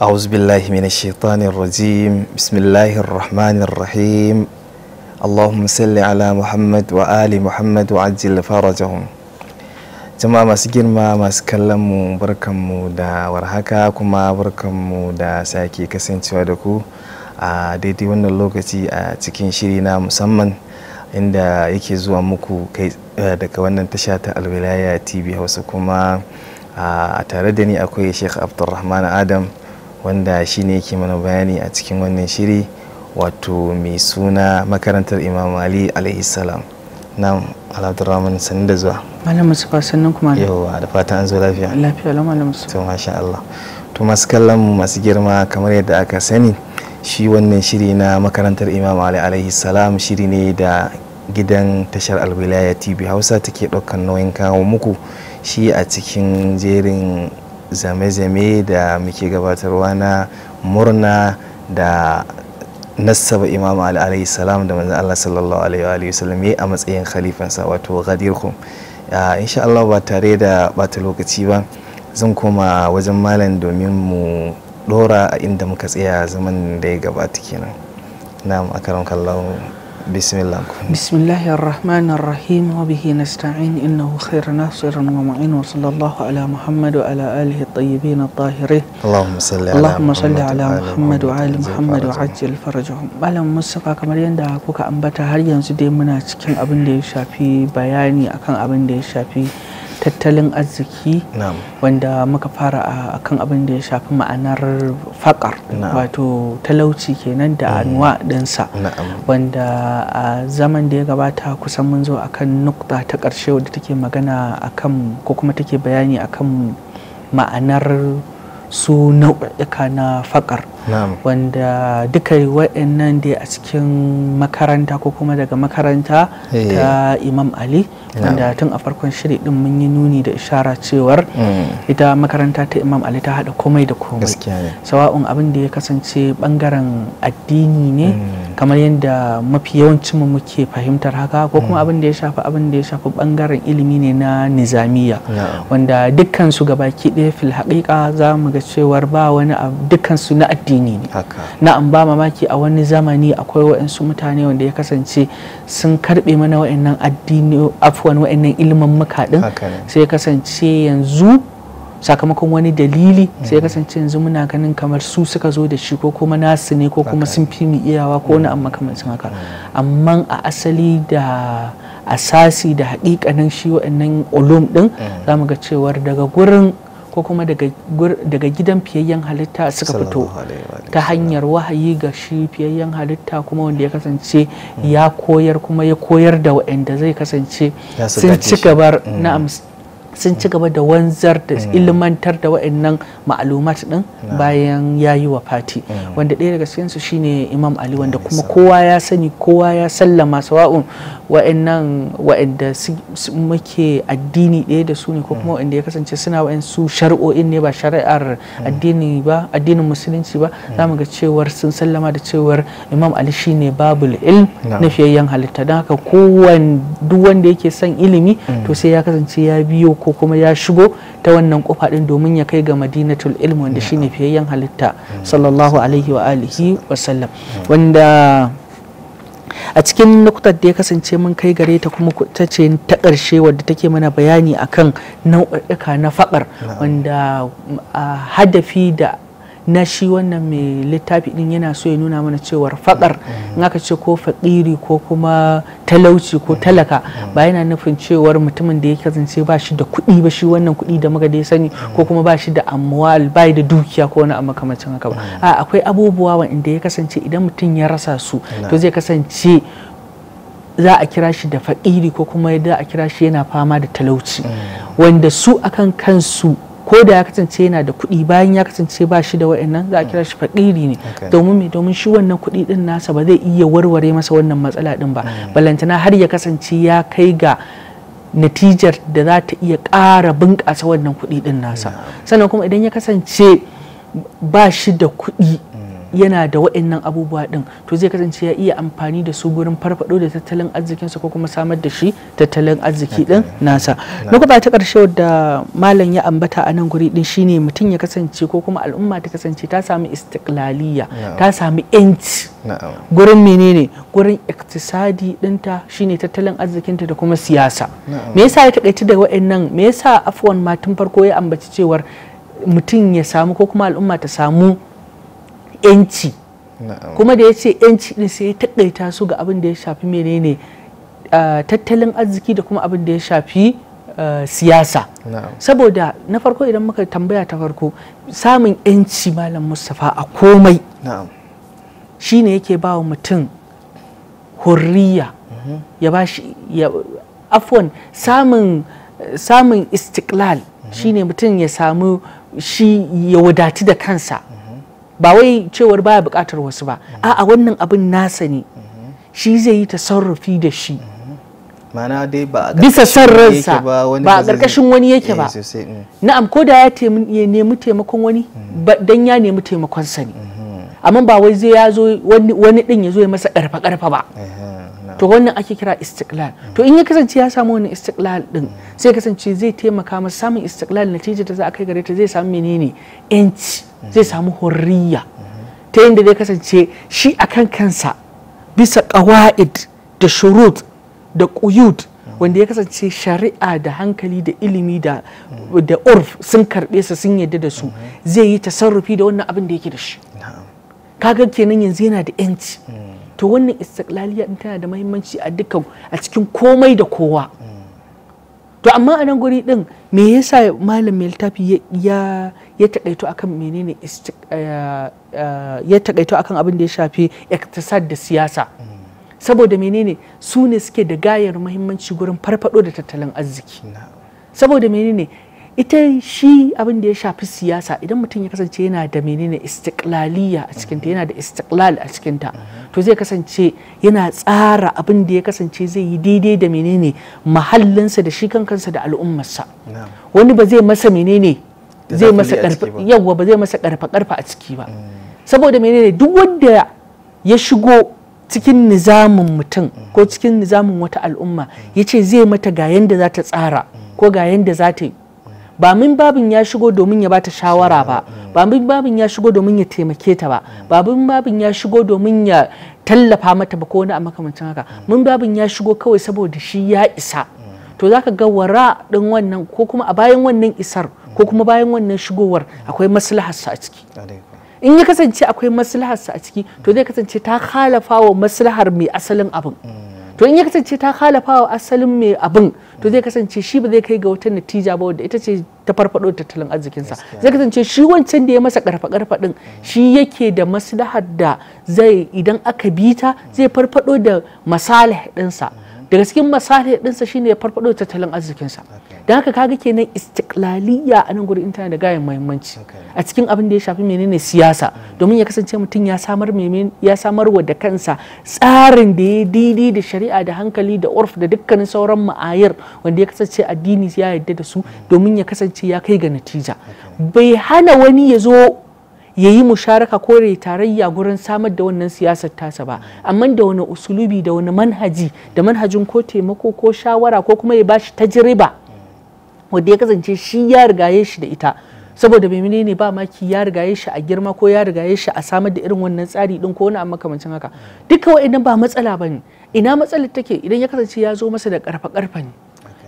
أعوذ mina من الشيطان الرجيم بسم الله الرحمن الرحيم اللهم صل على محمد وآل محمد وعجل فرجهم jama'a masu girma masu kallon mu barkanmu da warhaka kuma barkanmu da sake kasancewa da ku a daidai wannan lokaci a cikin shiri na musamman inda yake zuwa muku kai daga wannan tasha ta alwilaya tv hausa kuma a tare da ni akwai sheikh abdulrahman adam wanda shi ne yake mana bayani a cikin wannan shiri wato mai suna makarantar imam ali alaihi salam na alhadraman sanin da zuwa malam musufa sannan kuma yawa da fatan an zo lafiya lafiya lamar da musufa to masha Allah to masu kallon masu girma kamar yadda aka sani shi wannan shiri na makarantar imam ali alaihi salam shiri ne da gidan tashar alwilaya tv hausa take ɗaukar nauyin kawo muku shi a cikin jerin zame-zame da muke gabatarwa na murna da nasaba imam alaihi salam da manzan Allah sallallahu alaihi wasallam ya a matsayin khalifansa wato ghadirkum ah, insha Allah ba tare da bata lokaci ba zan koma wajen malam domin mu dora a inda muka tsaya zaman da ya gabata kenan na'am akaram kallahu bismillah bismillahir rahmanir rahim wa bihi nasta'in innahu khairu nasirin wa mu'in wa sallallahu ala muhammad wa ala alihi at-tayyibin at-tahirin allahumma salli ala allahumma salli ala muhammad wa ali muhammad wa ajil farajahum malam mustafa kamar yadda kuka ambata har yanzu dai muna cikin abin da ya shafi bayani akan abin da ya shafi tattalin arziki wanda muka fara a kan abin da ya shafi ma'anar fakar wato talauci kenan da mm. anuwa ɗinsa wanda a zaman da ya gabata kusan mun zo akan nukta ta ƙarshe wadda take magana akan ko kuma take bayani akan ma'anar su nau'ika na fakar wanda duka wa'annan da a cikin makaranta ko kuma daga makaranta eh. ta imam ali wanda tun a farkon shiri din mun yi nuni da ishara cewar mm. ita makaranta ta imam ali ta hada komai da komai sawa'un abin da ya kasance bangaren addini ne mm. kamar yadda mafi yawancin mu muke fahimtar haka ko kuma mm. abin da ya shafi abin da ya shafi bangaren ilimi ne na nizamiya wanda dukkan su gabaki ɗaya fil haƙiƙa za mu ga da cewar ba wani dukansu na addini ne na an ba mamaki a wani zamani akwai waɗansu mutane wanda ya kasance sun karɓe mana wa'annan addini afuwan wa'annan ilimin makaɗin sai ya kasance yanzu sakamakon wani dalili sai ya mm. kasance yanzu muna ganin kamar su suka zo da shi ko kuma nasu ne ko kuma sun fi mu iyawa ko wani amma kamar sun haka mm. amma a asali da asasi da haƙiƙanin shi waɗannan ulum din mm. za mu ga cewar daga gurin ko kuma daga gidan fiyayyen halitta suka fito ta hanyar wahayi ga shi fiyayyen halitta kuma wanda ya kasance hmm. ya koyar kuma ya koyar da waɗanda zai kasance sun ci gabar hmm. na sun ci gaba da wanzar da hmm. ilmantar da wa'annan ma'alumat din bayan ya yi wa fati hmm. wanda ɗaya daga cikinsu shine imam ali wanda kuma kowa ya sani kowa ya sallama sawa'un wa'annan wa'anda muke addini ɗaya da su ne ko kuma hmm. wa'anda ya kasance suna su shari'o'in ne ba shari'ar addini ba addinin musulunci ba za mu ga cewar sun sallama da cewar imam ali shine babul ilm na fiyayyen halitta don haka kowane duk wanda yake son ilimi to sai ya kasance ya biyo ko kuma ya shigo ta wannan kofa din domin ya kai ga madinatul ilmi wanda shine fiyayyen halitta sallallahu alaihi wa alihi wa sallam wanda a cikin nukutar da ya kasance mun kai gare ta kuma ta ce ta ƙarshe wadda take mana bayani akan nau'uka na faƙar wanda hadafi da na shi wannan mai littafi din yana so ya nuna mana cewar fakar in aka ce ko faɗiri ko kuma talauci ko talaka ba yana nufin cewar mutumin da ya kasance ba shi da kuɗi ba shi wannan kuɗi da muka dai sani ko kuma ba shi da amwal ba da dukiya ko wani a haka ba mm. a akwai abubuwa wanda ya kasance idan mutum ya rasa su mm. to zai kasance za a kira shi da faƙiri ko kuma za a kira shi yana fama da talauci mm. wanda su akan kansu ko da ya kasance yana da kuɗi bayan ya kasance ba shi da wa'annan za a kira shi fakiri ne domin me domin shi wannan kuɗi din nasa ba zai iya warware masa wannan matsala din ba hmm. balantana har ya kasance ya kai ga natijar da za ta iya ƙara bunƙasa wannan kuɗi din nasa sannan kuma idan ya kasance ba shi da kuɗi yana da wa'annan abubuwa din to zai kasance ya iya amfani da su gurin farfado da tattalin arzikinsa ko kuma samar da shi tattalin arziki din nasa na gaba ta karshe da malam ya ambata a nan guri din shine mutum ya kasance ko kuma al'umma ta kasance ta samu istiklaliya ta sami yanci gurin menene gurin iktisadi dinta shine tattalin arzikinta da kuma siyasa me yasa ya takaici da wa'annan me yasa afwan ma farko ya ambaci cewar mutum ya samu ko kuma al'umma ta samu yanci kuma da ya ce yanci din sai ya taƙaita su ga abin da ya shafi menene ah, tattalin arziki da kuma abin da ya shafi ah, siyasa saboda na farko idan muka tambaya ta farko samun yanci malam mustafa a komai shine yake ba wa mutum hurriya mm-hmm. ya ba shi afwan samun samun istiklal mm-hmm. shine mutum ya samu shi ya wadatu da kansa mm-hmm. ba wai cewar baya buƙatar wasu ba a wannan abin nasa ne shi zai yi tasarrufi da shi mana bisa san ba a ƙarƙashin wani yake eh, ba mm. na'am ko da ya nemi taimakon wani mm. dan ya nemi taimakon sa ne mm-hmm. amma ba wai zai ya zo wani din ya zo ya masa ƙarfa ƙarfa ba to wannan ake kira istiklal to in ya kasance ya samu wannan istiklal din sai kasance zai taimaka masa samun istiklal natija da za a kai gare ta zai samu menene yanci zai samu hurriya ta yadda zai kasance shi akan kansa bisa kawa'id da shurut da ƙuyud wanda ya kasance shari'a da hankali da ilimi da da urf sun karɓe su sun yadda da su zai yi tasarrufi da wannan abin da yake da shi kaga kenan yanzu yana da yanci hmm. to wannan istiklaliya din tana da muhimmanci a duka a cikin komai da kowa to amma a nan guri din me yasa malam mai littafi ya ya takaito akan menene eh, eh, ya takaito akan abin da ya shafi iktisad da siyasa saboda menene su ne suke da gayar muhimmanci gurin farfado da tattalin arziki saboda menene ita shi abin da ya shafi siyasa idan mutum ya kasance yana da menene istiklaliya a cikinta yana da istiklal a cikinta to zai kasance yana tsara abin da ya kasance zai yi daidai da menene mahallinsa da shi kankansa da al'ummarsa wani ba zai masa menene zai masa yawwa ba zai masa karfa karfa a ciki ba mm. saboda menene duk wanda ya shigo cikin nizamin mutum ko cikin nizamin wata al'umma mm. ya ce zai mata ga yanda za ta tsara mm. ko ga yanda za ta yi ba min babin ya shigo domin ya bata shawara ba mm. ba min babin ya shigo domin ya taimake ta ba mm. ba min babin ya shigo domin ya tallafa mata ba ko wani a makamancin haka mm. min babin ya shigo kawai saboda shi ya isa to zaka ga wara din wannan ko kuma a bayan wannan isar ko kuma bayan wannan shigowar akwai maslahar a ciki in ya kasance akwai maslahar a ciki to zai kasance ta khalafa wa maslahar mai asalin abin to in ya kasance ta halafa wa asalin mai abin to zai kasance shi ba zai kai ga wata natija ba wadda ita ce ta farfado tattalin arzikinsa zai kasance shi wancan da ya masa karfa karfa din shi yake da maslahar da zai idan aka bi ta zai farfado da masalih dinsa daga cikin masalih dinsa shine ya farfado tattalin arzikinsa da haka kaga kenan istiklaliya a nan gurin tana da gayan muhimmanci a cikin abin da ya shafi menene siyasa mm. domin ya kasance mutum ya samar ya samar wa da kansa tsarin da ya didi da shari'a da hankali da urf da dukkanin sauran ma'ayar wanda ya kasance addini ya yadda da su mm. domin ya kasance ya kai ga natija bai hana wani ya zo ya yi musharaka ko ya tarayya gurin samar da wannan siyasar tasa ba mm. amma da wani usulubi da wani manhaji da manhajin ko taimako ko shawara ko kuma ya bashi tajriba wanda ya kasance shi ya rigaye shi da ita saboda mai menene ba maki ya rigaye shi a girma ko ya rigaye shi a samar da irin wannan tsari din ko wani amma makamancin haka duka wa'annan ba matsala bane ina matsalar take idan ya kasance ya zo masa da karfa karfa ne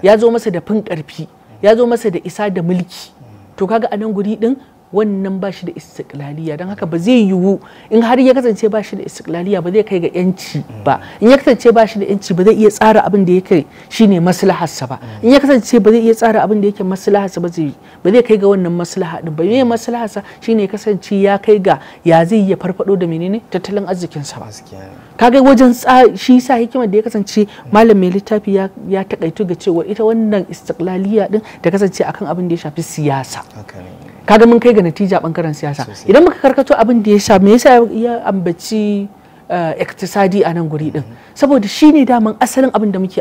ya zo masa da fin karfi ya zo masa da isa da mulki to kaga a nan guri din wannan ba shi da istiklaliya don haka ba zai yiwu in har ya kasance ba shi da istiklaliya ba zai kai ga yanci ba in ya kasance ba shi da yanci ba zai iya tsara abin da yake shine maslaharsa ba in ya kasance ba zai iya tsara abin da yake maslaharsa ba zai ba zai kai ga wannan maslaha din ba me maslaharsa shine kasance ya kai ga ya zai iya farfado da menene tattalin arzikin sa ba kaga wajen shi sa hikimar da ya kasance malam mai littafi ya ya takaitu ga cewa ita wannan istiklaliya din ta kasance akan abin da ya shafi siyasa kada mun kai ga natija bangaren siyasa idan muka karkato abin da ya sha me yasa ya ambaci eh, iktisadi a nan guri din mm-hmm. saboda shine ne daman asalin abin da muke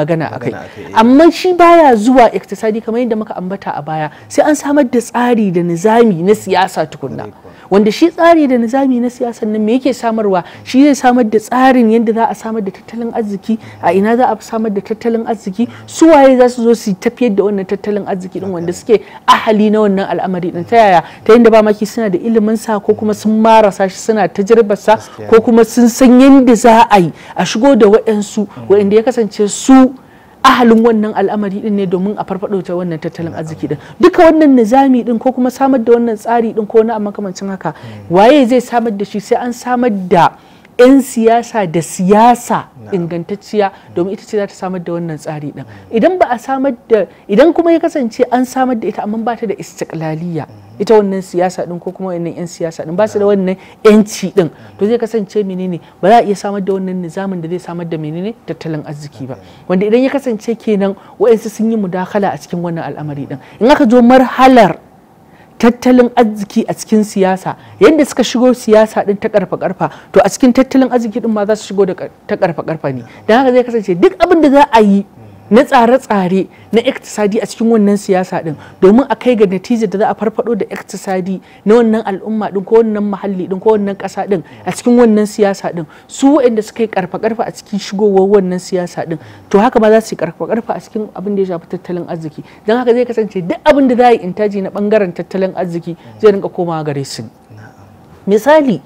magana a kai eh. amma shi baya zuwa iktisadi kamar yadda muka ambata a baya sai an samar da tsari da nizami na siyasa tukunna wanda shi tsari da nizami na siyasa nan me yake samarwa shi zai samar da tsarin yadda za a samar da tattalin arziki a ina za a samar da tattalin arziki su waye za su zo su tafiyar da wannan tattalin arziki din wanda suke ahali na wannan al'amari din ta yaya ta yadda ba maki suna da ilimin sa ko kuma sun marasa shi suna tajribar sa ko kuma sun san yadda za a yi a shigo da waɗansu mm. waɗanda ya kasance su ahalin wannan al'amari din ne domin a farfado ta wannan tattalin arziki din duka wannan nizami din ko kuma samar da wannan tsari din ko na makamancin haka hmm. waye zai samar da shi sai an samar da 'yan siyasa da siyasa ingantacciya hmm. domin ita ce za ta samar da wannan tsari din hmm. idan ba a samar da idan kuma ya kasance an samar da ita amma ba ta da istiklaliya ita wannan siyasa din ko kuma wannan yan siyasa din ba su da wannan yanci din to zai kasance menene ba za a iya samar da wannan nizamin da zai samar da menene tattalin arziki ba wanda idan ya kasance kenan wa'ansu sun yi mudakala a cikin wannan al'amari din in aka zo marhalar tattalin arziki a cikin siyasa yadda suka shigo siyasa din ta karfa karfa to a cikin tattalin arziki din ma za su shigo da ta karfa karfa ne dan haka zai kasance duk abin da za a yi hmm. na tsare-tsare na iktisadi a cikin wannan siyasa din domin a kai ga natijar da za a farfado da iktisadi na wannan al'umma din ko wannan muhalli din ko wannan kasa din a cikin wannan siyasa din su waɗanda suka yi karfa-karfa a cikin shigowar wannan siyasa din to haka ba za su yi karfa-karfa a cikin abin da ya shafi tattalin arziki don haka zai kasance duk abin da za a yi intaji na bangaren tattalin arziki zai rinka komawa gare su misali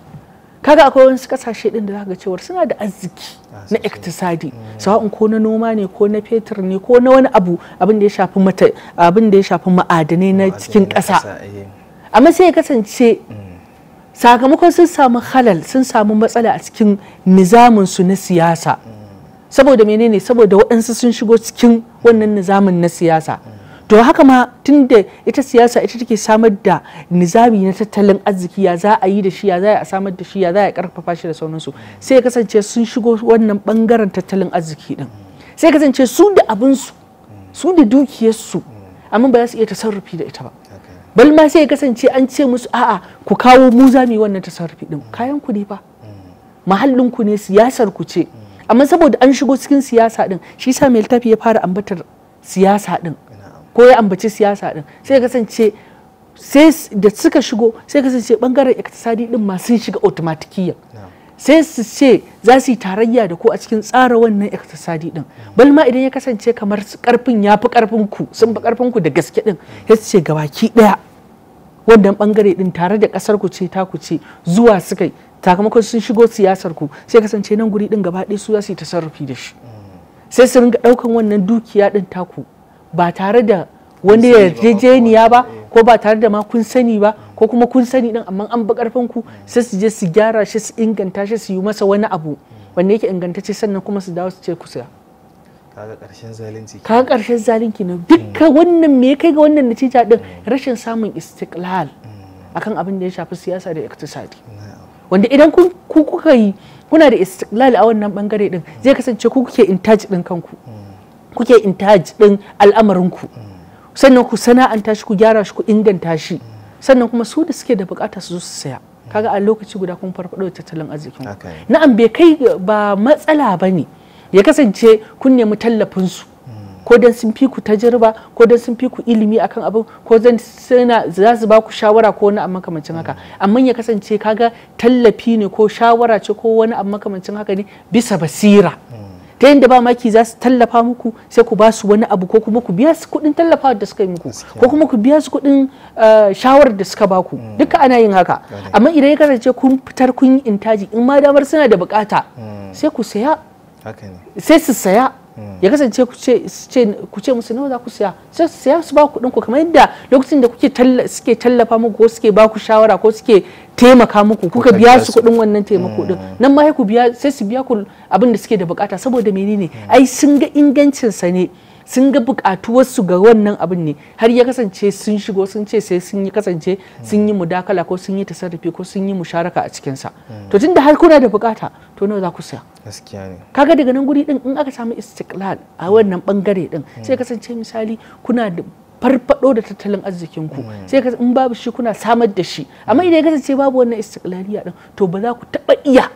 kaga akwai wasu kasashe din da za ga cewar suna da arziki ah, na iktisadi mm. sawa'un ko na noma ne ko na fetur ne ko na wani abu abin da ya shafi mata abin da ya shafi ma'adanai na cikin ƙasa eh. amma sai ya kasance mm. sakamakon sun samu halal sun samu matsala a cikin nizamin su na siyasa mm. saboda menene saboda waɗansu sun shigo cikin wannan nizamin na siyasa to haka ma tun da ita siyasa ita take samar da nizami na tattalin arziki ya za a yi da shi ya za a samar da shi ya za a karfafa shi da sauransu sai ya kasance sun shigo wannan bangaren tattalin arziki din sai kasance su da abinsu su da dukiyarsu amma ba za su iya tasarrufi da ita ba bal ma sai ya kasance an ce musu a'a ku kawo mu za mu yi wannan tasarrufi din kayan ku ne fa mm. mahallin ku ne siyasar ku ce mm. amma saboda an shigo cikin siyasa din shi sa mai littafi ya fara ambatar siyasa din ko ya ambaci siyasa din sai kasance sai da suka shigo sai kasance bangaren iktisadi din ma sun shiga otomatikiya sai su ce za su tarayya da ko a cikin tsara wannan iktisadi din bal ma idan ya kasance kamar su karfin ya fi karfin ku sun fi karfin ku da gaske din sai su ce gabaki daya wannan bangare din tare da kasar ku ce ku ce zuwa suka sakamakon sun shigo siyasar ku sai kasance nan guri din gaba su za su yi tasarrufi da shi mm. sai su ringa ɗaukan wannan dukiya din taku ba tare da wani yarjejeniya ba eh. ko ba tare da ma kun sani ba ko kuma kun sani din amma an bakarfan ku hmm. sai su je su gyara shi su inganta shi su yi masa wani abu hmm. wanda yake ingantacce sannan kuma su dawo su ce ku siya kaga karshen zalunci kaga karshen zalunci ne hmm. dukkan wannan me kai ga wannan natija din rashin samun istiqlal akan abin da ya shafi siyasa da iktisadi wanda idan ku kuka yi kuna da istiklal a wannan bangare din zai kasance ku kuke intaj din kanku kuke intaji din ku sannan ku sana'anta shi ku gyara shi ku inganta shi sannan kuma su da suke da bukata su zo su saya kaga a lokaci guda kun farfado tattalin arzikin na'am bai kai ba matsala bane ya kasance kun nemi tallafin su ko dan sun fi ku tajirba ko dan sun fi ku ilimi akan abu ko dan suna za su ba ku shawara ko wani amma kamancin haka amma ya kasance kaga tallafi ne ko shawara ce ko wani amma kamancin haka ne bisa basira ta yadda ba maki za su tallafa muku sai ku ba su wani abu ko kuma ku biya su kuɗin tallafa da suka yi muku ko kuma ku biya su kuɗin eh, shawar da suka ba ku mm. duka ana yin haka amma idan ya kasance kun fitar kun yi intaji in ma damar suna da bukata mm. sai ku saya sai su saya Mm. ya kasance kuce ce musu nawa za ku siya sai su siya su ba kuɗin ku kamar yadda lokacin da kuke suke tallafa muku ko suke ba ku shawara ko suke taimaka muku kuka biya su kuɗin wannan taimako din mm. nan ma ku biya sai su biya ku abin da suke da bukata saboda menene mm. ai sun ga ingancin sa ne sun ga wasu ga wannan abin ne har ya kasance sun shigo sun ce sai sun yi kasance sun yi mudakala ko sun yi tasarrufi ko sun yi musharaka a cikinsa hmm. to tunda har kuna da bukata to nawa za ku saya gaskiya ne kaga daga nan guri din in aka samu istiklal a wannan bangare hmm. din hmm. sai kasance misali kuna da farfado da tattalin arzikin ku sai in babu shi kuna samar da shi amma idan ya kasance babu wannan istiklaliya din to ba za ku taba iya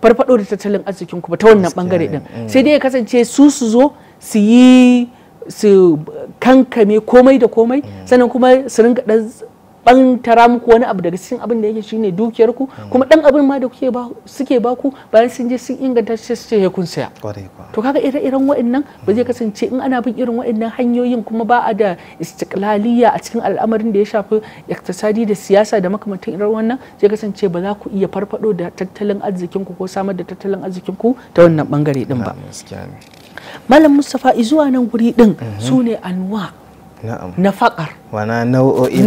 farfado da tattalin arzikin ku ba ta wannan bangare din sai dai ya kasance su su zo su yi su kankame komai da komai mm. sannan kuma su ringa dan tara muku wani abu daga cikin abin da yake shine dukiyar ku mm. kuma ɗan abin ma da kuke ba suke ba ku bayan sun je sun inganta shi su ce kun saya to kaga ire-iren waɗannan ba zai mm. kasance in ana bin irin waɗannan hanyoyin kuma ba a da istiklaliya a cikin al'amarin da ya shafi iktisadi da siyasa da makamantan irin wannan zai kasance ba za ku iya farfado da tattalin arzikin ku ko samar da tattalin arzikin ku ta wannan bangare din ba malam mustapha zuwa nan guri din mhm. sune ne anwa na faƙar wana nau'o'i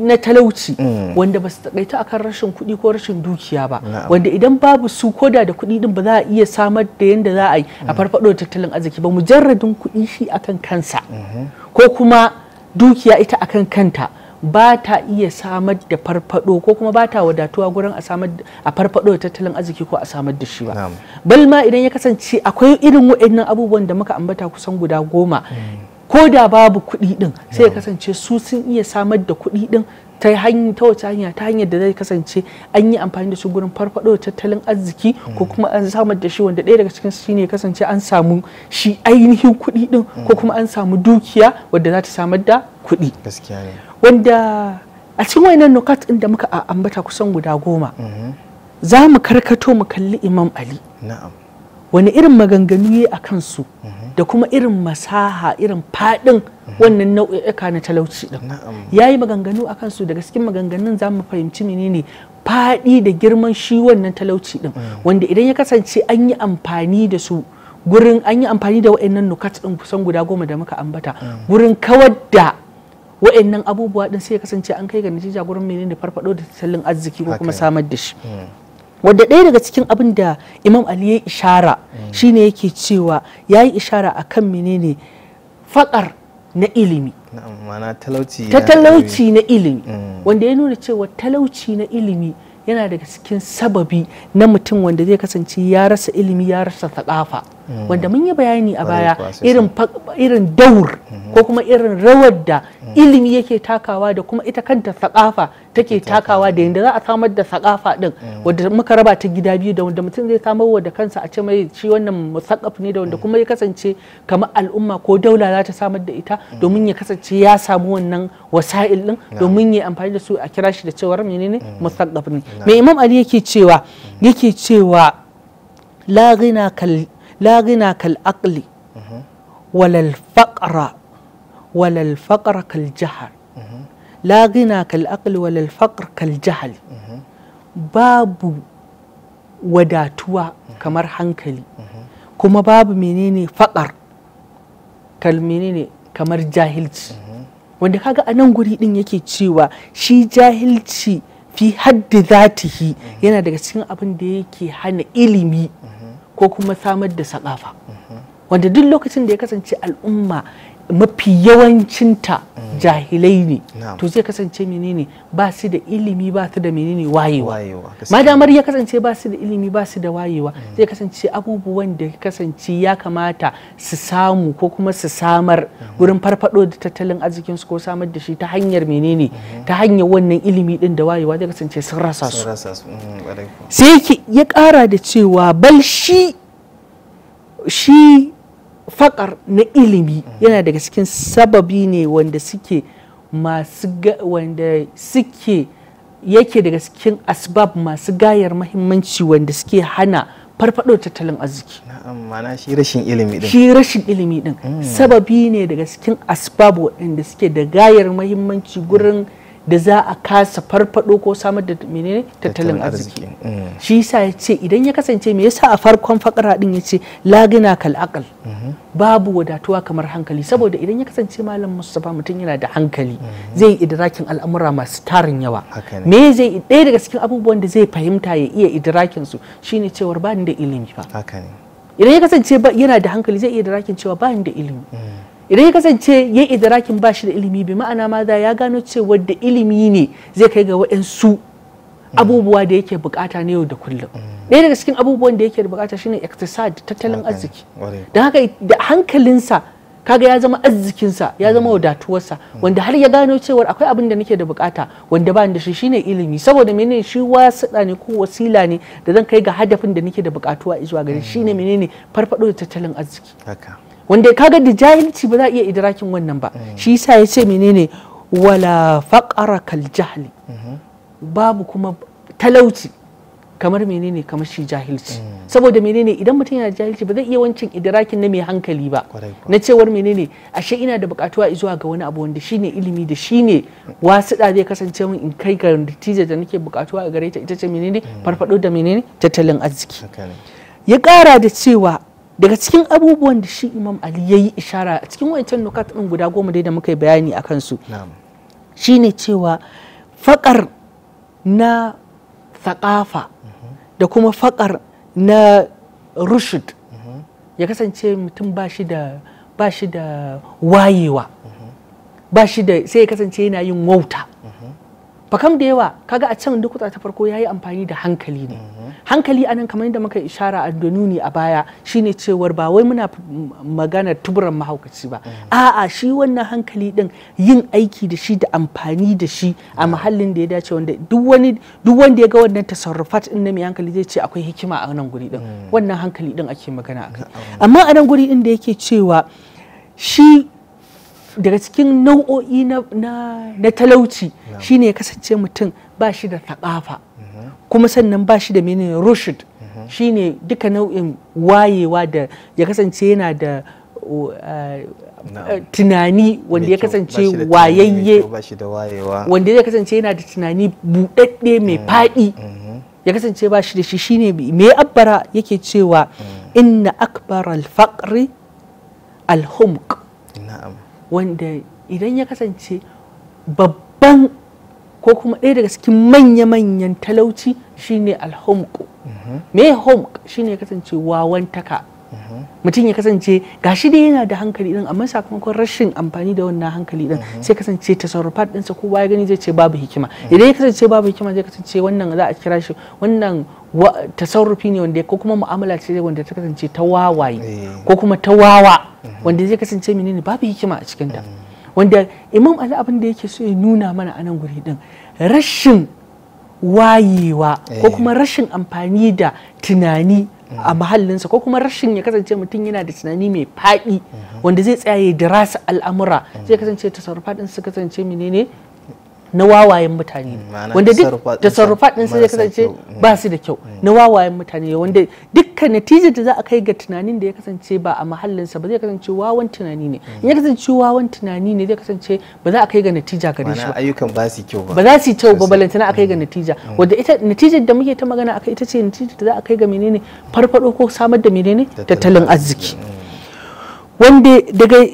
na talauci mm. wanda ba su takaita akan rashin kuɗi ko rashin dukiya ba wanda idan babu su koda da kuɗi din ba za a iya samar da yadda za a yi a mm. farfado tattalin arziki ba mujarradin kuɗi shi akan kansa mhm. ko kuma dukiya ita akan kanta ba ta iya samar da farfado ko kuma ba ta wadatuwa gurin a samar a farfado da tattalin arziki ko a samar da shi ba bal ma idan ya kasance akwai irin waɗannan abubuwan da muka ambata kusan guda goma hmm. ko da babu kuɗi ɗin sai ya kasance su sun iya samar da kuɗi ɗin ta hanyar ta wace hanya ta hanyar da zai kasance an yi amfani da shi gurin farfado tattalin arziki ko hmm. kuma an samar da shi wanda ɗaya daga cikin shi ne kasance an samu shi ainihin kuɗi ɗin ko hmm. kuma an samu dukiya wadda za ta samar da kuɗi gaskiya ne wanda a cikin wayannan nukat ɗin da muka ambata kusan guda goma za mu karkato mu kalli imam ali wani irin maganganu ya a kansu mhm. da kuma irin masaha irin faɗin mhm. wannan nau'i'ika na talauci ɗin ya yi maganganu a kansu daga cikin maganganun za mu fahimci menene faɗi da girman shi wannan talauci ɗin mhm. wanda idan ya kasance an yi amfani da su gurin an yi amfani da wa'annan nukat ɗin kusan guda goma da muka ambata gurin kawar da wa'annan abubuwa din sai ya kasance an kai ga natija gurin menene farfado da tattalin arziki ko kuma samar da shi hmm. wadda ɗaya daga cikin abin da imam ali ya ishara hmm. shine yake cewa ya yi ishara a kan menene faƙar na ilimi ta talauci na ilimi hmm. wanda ya nuna cewa talauci na ilimi yana daga cikin sababi na mutum wanda zai kasance ya rasa ilimi ya rasa taƙafa wanda mun yi bayani a baya irin irin daur ko kuma irin rawar da ilimi yake takawa da kuma ita kanta sakafa take takawa da yadda za a samar da sakafa din mm. wadda muka raba ta gida biyu da wanda mutum zai samar wa da kansa a ce mai shi wannan musakaf ne da wanda mm. kuma ya kasance kamar al'umma ko daula za ta samar da ita mm. domin ya kasance ya samu wannan wasa'il din domin ya amfani da su a kira shi da cewar menene musakaf ne mai imam ali yake cewa yake cewa la ghina kal la gina kal aqli walal faqra walal faqra kal jahal la gina babu wadatuwa kamar hankali kuma babu menene faƙar kalmene ne kamar jahilci wanda ka ga anan guri din yake cewa shi jahilci fi haddi zatihi yana daga cikin abin da yake hana ilimi ko kuma samar da sakafa wanda duk lokacin da ya kasance al'umma mafi yawancinta mm. jahilai ne to zai kasance menene ba su da ilimi ba su da menene wayewa madamar ya kasance ba su da ilimi ba su da wayewa mm. zai kasance abubuwan da kasance ya kamata su samu ko kuma su samar mm-hmm. wurin farfado da tattalin arzikin su ko samar da shi ta hanyar menene mm-hmm. ta hanyar wannan ilimi din da wayewa zai kasance sun rasa su mm, sai ya kara da cewa bal shi shi fakar na ilimi yana daga cikin sababi ne wanda suke masu wanda suke yake daga cikin asbab masu gayar mahimmanci wanda suke hana farfado tattalin arziki ma'ana shi rashin ilimi din shi rashin ilimi din hmm. sababi ne daga cikin asbab wanda suke da gayar mahimmanci gurin da za a kasa farfado ko samar da menene tattalin arziki mm. shi yasa ya ce idan ya kasance me yasa a farkon fakara din ya ce lagina kal mm-hmm. babu wadatuwa kamar hankali saboda mm. idan ya kasance malam Mustapha mutum yana da hankali mm-hmm. zai idrakin al'amura masu tarin yawa me zai ɗaya daga cikin abubuwan da zai fahimta ya iya idrakin su shine cewar ba ni da ilimi ba idan ya kasance yana da hankali zai iya idrakin cewa ba ni da ilimi mm. idan ya kasance ya idrakin ba shi da ilimi bi ma'ana ma da ya gano cewa da ilimi ne zai kai ga waɗansu abubuwa da yake bukata na yau da kullum ɗaya daga cikin abubuwan da yake bukata shine iktisad tattalin arziki don haka da hankalinsa kaga ya zama arzikinsa ya zama wadatuwarsa mm. wanda har ya gano cewar akwai abin da nake da bukata wanda ba da shi shine ilimi saboda menene shi wasuɗa ne ko wasila ne da zan kai ga hadafin da nake da bukatuwa zuwa gare mm. shine menene farfaɗo da tattalin arziki wanda kaga da jahilci ba za a iya idrakin wannan ba mm. shi yasa ya ce menene wala faqara kal jahli mm-hmm. babu kuma talauci kamar menene kamar shi jahilci mm. saboda menene idan mutum yana jahilci ba zai iya wancan idrakin na mai hankali ba na cewar menene ashe ina da bukatuwa zuwa ga wani abu wanda shine ilimi da shine wasuɗa zai kasance mun in kai ga natijar da nake bukatuwa a gare ita ce menene mm. farfado da menene tattalin arziki ya kara da cewa daga cikin abubuwan da shi imam ali ya yi ishara a cikin wancan nukat ɗin guda goma dai da muka yi bayani a kansu shine cewa faƙar na saƙafa da kuma faƙar na rushud ya kasance mutum ba shi da ba shi da wayewa ba shi da sai ya kasance yana yin wauta fakam da yawa kaga a can duk ta farko yayi amfani da hankali ne hankali anan kamar yadda muka ishara a donuni a baya shine cewar ba wai muna magana tuburan mahaukaci ba a'a shi wannan hankali din yin aiki da shi da amfani da shi a mahallin da ya dace wanda duk wani duk wanda ya ga wannan tasarrufat din na mai hankali zai ce akwai hikima a nan guri din wannan hankali din ake magana akai amma a nan guri din da yake cewa shi daga cikin nau'o'i na talauci shine ya kasance mutum ba shi da taƙafa mm-hmm. kuma sannan ba shi da menene rushid mm-hmm. shine duka nau'in wayewa da ya kasance yana da tunani wanda ya kasance wayayye wanda ya kasance yana da tunani buɗaɗɗe mai mm-hmm. faɗi ya kasance ba shi da shi shine me abbara yake cewa mm. inna akbar al-faqri al na'am wanda idan ya kasance babban ko kuma ɗaya daga cikin manya-manyan talauci shine alhomk me homk shine ya kasance wawantaka mutum ya kasance gashi dai yana da hankali din amma sakamakon rashin amfani da wannan hankali din sai kasance tasarrufat ɗinsa kowa ya gani zai ce babu hikima idan ya kasance babu hikima zai kasance wannan za a kira shi wannan tasarrufi ne wanda ko kuma mu'amala ce wanda ta kasance ta wawaye eh. ko kuma ta wawa mhm. wanda zai kasance menene babu hikima a cikin ta mhm. wanda imam ali abin da yake so ya nuna mana a nan guri din rashin wayewa ko eh. kuma rashin amfani da tunani mhm. a mahallinsa ko kuma rashin ya kasance mutum yana da tunani mai faɗi wanda zai tsaya ya dirasa al'amura zai kasance tasarrufa din su kasance menene na wawayen mutane wanda duk tasarrufa din sai kasance mm. ba su da kyau mm. na wawayen mutane wanda dukkan natijar da za a kai ga tunanin da ya kasance ba a mahallinsa ba zai kasance wawan tunani ne mm. in ya kasance wawan tunani ne zai kasance ba za a kai ga natija gare shi ba ayyukan ba su kyau ba ba za su kyau ba balantana a kai ga natija wanda ita natijar da muke ta magana akai ita ce natijar da za a kai ga menene farfado ko samar da menene tattalin arziki wanda daga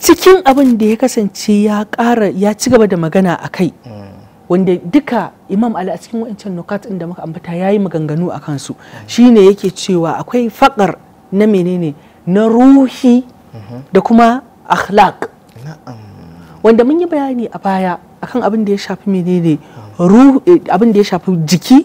cikin abin da ya kasance ya ƙara ya ci gaba da magana a kai wanda duka imam ali a cikin wancan nukat da muka ambata ya yi maganganu a kansu shine yake cewa akwai faƙar na menene na ruhi da kuma akhlaq wanda mun yi bayani a baya akan abin da ya shafi menene eh, abin da ya shafi jiki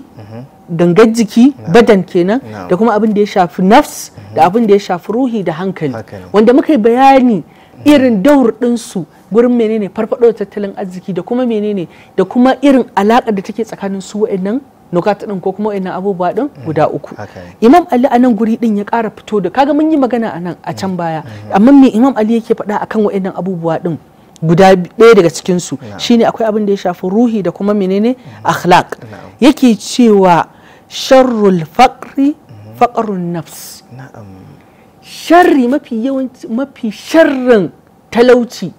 gangar jiki badan kenan da kuma abin da ya shafi nafs da abin da ya shafi ruhi da hankali wanda muka yi bayani irin daur su gurin menene farfaɗo da tattalin arziki da kuma menene da kuma irin alaƙa da take tsakanin su wa'annan nukata ɗin ko kuma wa'annan abubuwa ɗin mm, guda uku imam ali a nan guri ɗin ya ƙara fito da kaga mun yi magana a nan a can mm, baya mm, amma me imam ali yake faɗa akan wa'annan abubuwa ɗin guda ɗaya daga su shine akwai abin da ya shafi ruhi da kuma menene akhlaq yake cewa sharrul faqri faqrun nafs sharri mafi yawanci mafi sharrin talauci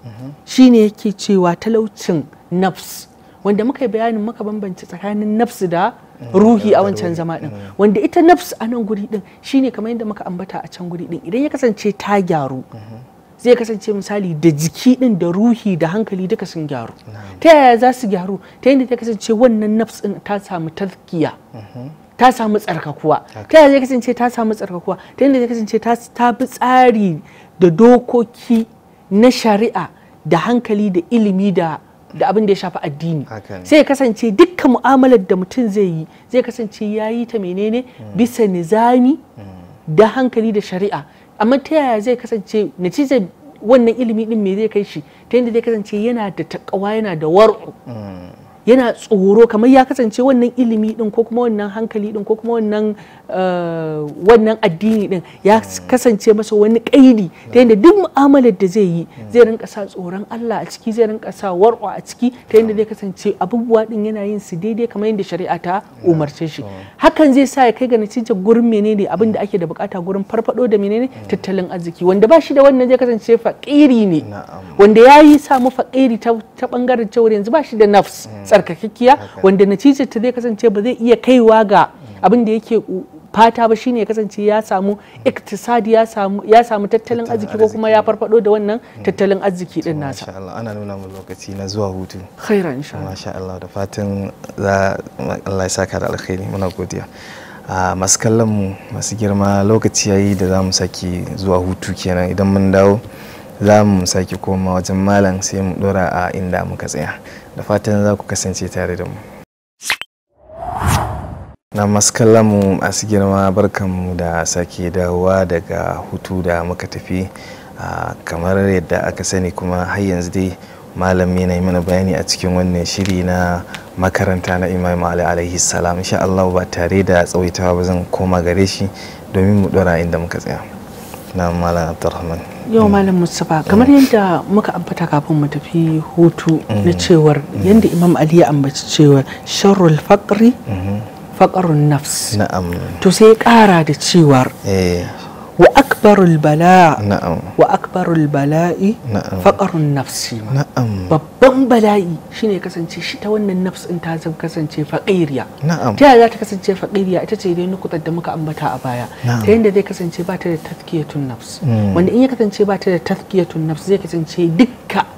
shine yake cewa talaucin nafs wanda muka yi bayanin muka bambance tsakanin nafs da ruhi a wancan zama din wanda ita nafs a nan guri din shine kamar yadda muka ambata a can guri din idan ya kasance ta gyaru zai kasance misali da jiki din da ruhi da hankali duka sun gyaru ta yaya za su gyaru ta yadda ta kasance wannan nafs din ta samu tazkiya ta samu tsarkakuwa ta yaya zai kasance ta samu tsarkakuwa ta yadda zai kasance ta bi tsari da dokoki na shari'a da hankali da ilimi da da abin da ya shafi addini sai ya kasance dukkan mu'amalar da mutum zai yi zai kasance ya yi ta menene hmm. bisa nizami hmm. da hankali da shari'a amma ta yaya zai kasance natijar wannan ilimi din me zai kai shi ta yadda zai kasance yana da takawa yana da war'u hmm. yana tsoro kamar ya kasance wannan ilimi din ko kuma wannan hankali din ko kuma wannan eh, wannan addini din ya kasance masa wani kaidi ta yadda duk mu'amalar da zai yi zai rinka sa tsoron Allah a ciki zai rinka sa war'a a ciki ta yadda zai kasance abubuwa din yana yin su daidai kamar yadda shari'a ta umarce shi hakan zai sa ya kai ga natija gurin menene abin da ake da bukata gurin farfado da menene tattalin arziki wanda ba shi da wannan zai kasance fakiri ne wanda ya yi samu faƙiri ta bangaren cewar yanzu ba shi da nafs tsarkakakkiya wanda natijar ta zai kasance ba zai iya kaiwa ga abin da yake fata ba shine ya kasance ya samu iktisadi ya samu ya samu tattalin arziki ko kuma ya farfado da wannan hmm. tattalin arziki din nasa insha Allah ana nuna mu lokaci na zuwa hutu khaira insha Allah masha Allah da fatan za Allah ya saka da alkhairi muna godiya a ah, masu kallon mu masu girma lokaci yayi da za mu saki zuwa hutu kenan idan mun dawo za mu saki koma wajen malam sai mu dora a inda muka tsaya da fatan za ku kasance tare da mu na maskallamu a girma barkanmu da sake dawowa daga hutu da muka tafi kamar yadda aka sani kuma har yanzu dai malam yana yi mana bayani a cikin wannan shiri na makaranta na imam ali alaihi salam insha Allah ba tare da tsawaitawa ba zan koma gare shi domin mu dora inda muka tsaya na malam abdulrahman yau malam mustapha kamar yadda muka ambata kafin mu tafi hutu na mm. cewar mm. yadda imam ali ya ambaci cewar sharrul faqri mm-hmm. faqrun nafs to sai ya kara da cewar eh. wa akbarul bala wa akbarul bala'i faƙarun nafsi babban bala'i shine kasance shi ta wannan nafs in ta zan kasance faƙiriya ta yaya ta kasance faƙirya ita ce dai nukutar da muka ambata a baya ta yadda zai kasance ba ta da tafkiyatun nafs wanda in ya kasance ba ta da tafkiyatun nafs zai kasance dukka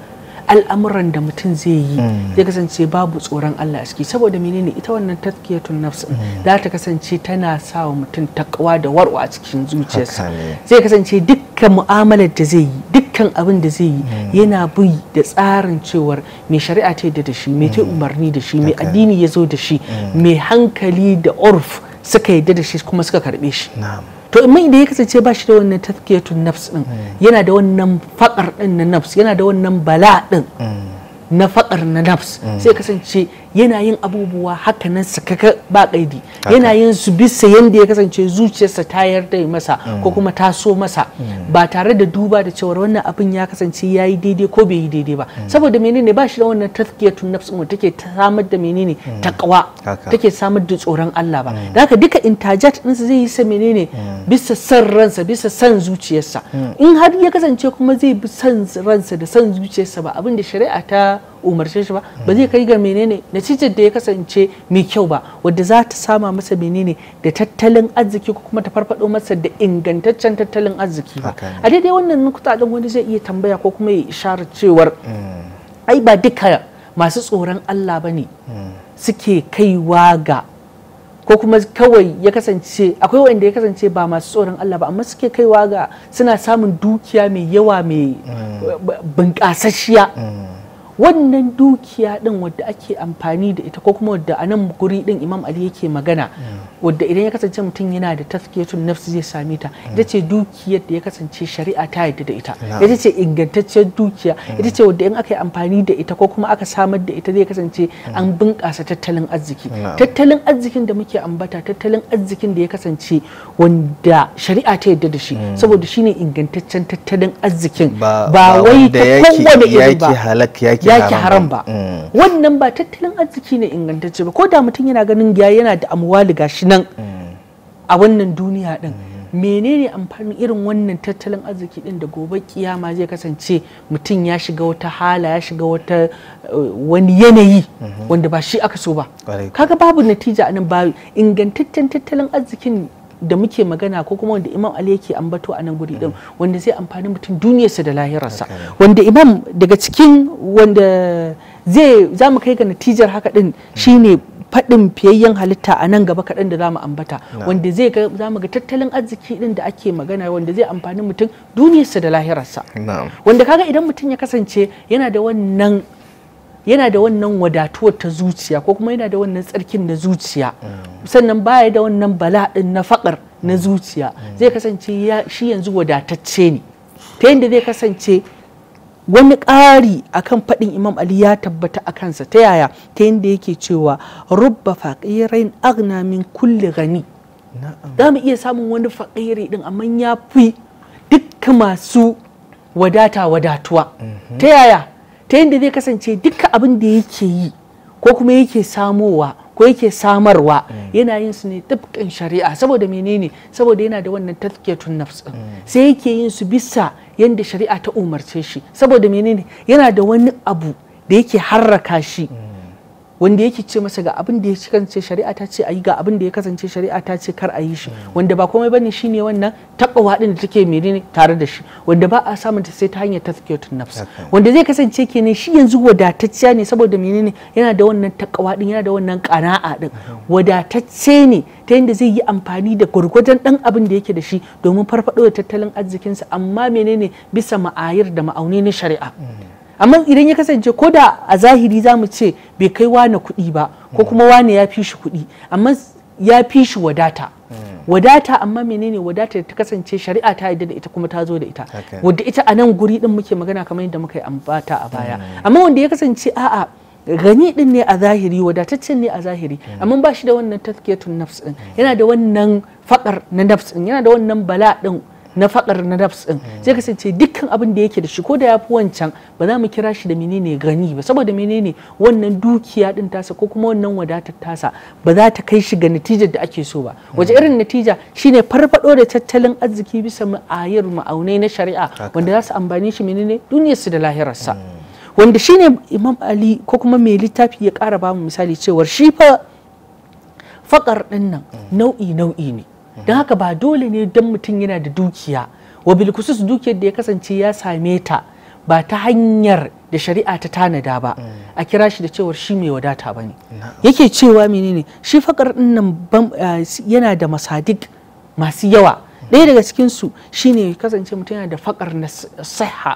al'amuran da mutum zai yi hmm. ya kasance babu tsoron Allah a ciki saboda menene ita wannan tazkiyatun nafs hmm. za ta kasance tana sa wa mutum takwa da warwa a cikin zuciyarsa zai kasance dukkan mu'amalar da zai yi dukkan abin da zai yi hmm. yana bi da tsarin cewar mai shari'a ta yadda da shi mai ta umarni da shi mai addini ya zo da shi mai hankali da urf suka yadda da shi kuma suka karbe shi na'am to mai da ya kasance ba shi da wannan tafkiyatun nafs din hmm. yana da wannan faƙar din na nafs yana da wannan bala din hmm. na fakar na nafs hmm. sai kasance yana yin abubuwa haka nan sakaka ba kaidi yana yin su bisa yadda ya kasance zuciyarsa ta yarda masa ko mm. kuma ta so masa mm. ba tare da duba da cewa wannan abin ya kasance ya yi daidai ko bai yi daidai ba mm. saboda menene ba shi da wannan tazkiyatun nafsin mu take samar da menene takwa take samar da tsoron Allah ba da haka duka intajat din zai yi sa menene bisa san ransa bisa san zuciyarsa in har ya kasance kuma zai bi san ransa da san zuciyarsa ba abin da shari'a ta umarce shi ba ba zai kai ga menene na natijar da ya kasance mai kyau ba wadda za ta sama masa menene da tattalin arziki ko kuma ta farfado masa da ingantaccen tattalin arziki ba a daidai wannan kuɗaɗen wani zai iya tambaya ko kuma ya ishara cewar mm. ai ba duka masu tsoron Allah ba ne mm. suke kaiwa ga ko kuma kawai ya kasance akwai wanda ya kasance ba masu tsoron Allah ba amma suke kaiwa ga suna samun dukiya mai yawa mai mm. bunƙasasshiya wannan dukiya din wadda ake amfani da ita ko kuma wadda a nan guri din imam ali yake magana wadda idan ya kasance mutum yana da tafkiyatun nafsi zai sami ta ita ce dukiyar da ya kasance shari'a ta yadda da ita ita ce ingantacciyar dukiya ita ce wadda in aka yi amfani da ita ko kuma aka samar da ita zai kasance an bunƙasa tattalin arziki tattalin arzikin da muke ambata tattalin arzikin da ya kasance wanda shari'a ta yadda da shi saboda shine ingantaccen tattalin arzikin ba wai ta kowane irin ba ki haram ba mm. wannan ba tattalin arziki ne ingantacce ba ko da mutum yana ganin giya yana da ga shi nan mm. a wannan duniya din mm. menene amfanin irin wannan tattalin arziki din da gobe kiyama zai kasance mutum ya shiga wata hala ya shiga wata uh, wani yanayi mm-hmm. wanda ba shi aka so ba kaga babu natija anan ba ingantaccen tattalin arzikin da muke magana ko kuma wanda imam ali yake ambato a nan guri din wanda zai amfani mutum duniyarsa da lahirarsa wanda imam daga cikin wanda zai za mu kai ga natijar haka din shine faɗin fiyayyen halitta a nan gaba kaɗan da za mu ambata wanda zai za mu ga tattalin arziki ɗin da ake magana wanda zai amfani mutum duniyarsa da lahirarsa wanda kaga idan mutum ya kasance yana da wannan yana da wannan wadatuwar ta zuciya ko kuma yana da wannan tsarkin na zuciya mm. sannan baya da wannan bala'in na faƙar na mm. zuciya mm. zai kasance shi yanzu wadatacce ne ta yadda zai kasance wani ƙari akan faɗin imam ali ya tabbata a kansa ta yaya ta yadda yake cewa rubba faƙirin agna min kulli gani za mu iya samun wani faƙiri din amma ya fi duk masu wadata wadatuwa mm-hmm. ta yaya ta yadda zai kasance duka abin da yake yi ko kuma yake samowa ko yake samarwa mm. yana yin su ne tafkin shari'a saboda menene saboda yana da wannan tafkiyatun nafs mm. sai yake yin su bisa yadda shari'a ta umarce shi saboda menene yana da wani abu da yake harraka shi mm. wanda yake ce masa ga abin da ya kasance shari'a ta ce a yi ga abin da ya kasance shari'a ta ce kar a yi shi hmm. wanda ba komai bane shine wannan takawa din da take menene tare da shi wanda ba a samun ta sai ta hanyar tazkiyatun nafs wanda zai kasance kenan shi yanzu wadatacciya ne saboda menene yana da wannan takawa yana da wannan kana'a din hmm. wadatacce ne ta yadda zai yi amfani da gwargwadon dan abin da yake da shi domin farfaɗo da tattalin arzikinsa amma menene bisa ma'ayir da ma'auni na shari'a hmm. amma idan ya kasance ko da a zahiri za mu ce bai kai wane kuɗi ba ko kuma wane ya fi shi kuɗi amma ya fi shi wadata hmm. wadata amma menene wadata ta kasance shari'a ta yadda da ita kuma ta zo da ita wadda ita a nan guri din muke magana kamar yadda muka yi ambata a baya hmm. amma wanda ya kasance a'a gani din ne a zahiri wadataccen ne a zahiri hmm. amma ba shi da wannan tafkiyatun nafs din yana da wannan fakar na nafs din yana da wannan bala din na fakar na nafs din zai kasance dukkan abin da yake da shi ko da ya fi wancan ba za mu kira shi da menene gani ba saboda menene wannan dukiya din tasa ko kuma wannan wadatar tasa ba za ta kai shi ga natijar da ake so ba waje irin natija shine farfado da tattalin arziki bisa ma'ayir ma'aunai na shari'a wanda za su amfani shi menene duniyarsu da lahirarsa wanda shine imam ali ko kuma mai littafi ya kara ba mu misali cewa shi fa fakar din nan mm. nau'i nau'i ne don haka ba dole ne don mutum yana da dukiya wa bilkusus dukiyar da ya kasance ya same ta ba ta hanyar da shari'a ta tanada ba a kira shi da cewar shi mai wadata ba ne yake cewa menene shi fakar nan eh, yana da masadik masu yawa ɗaya daga cikinsu shine kasance mutum yana da fakar na siha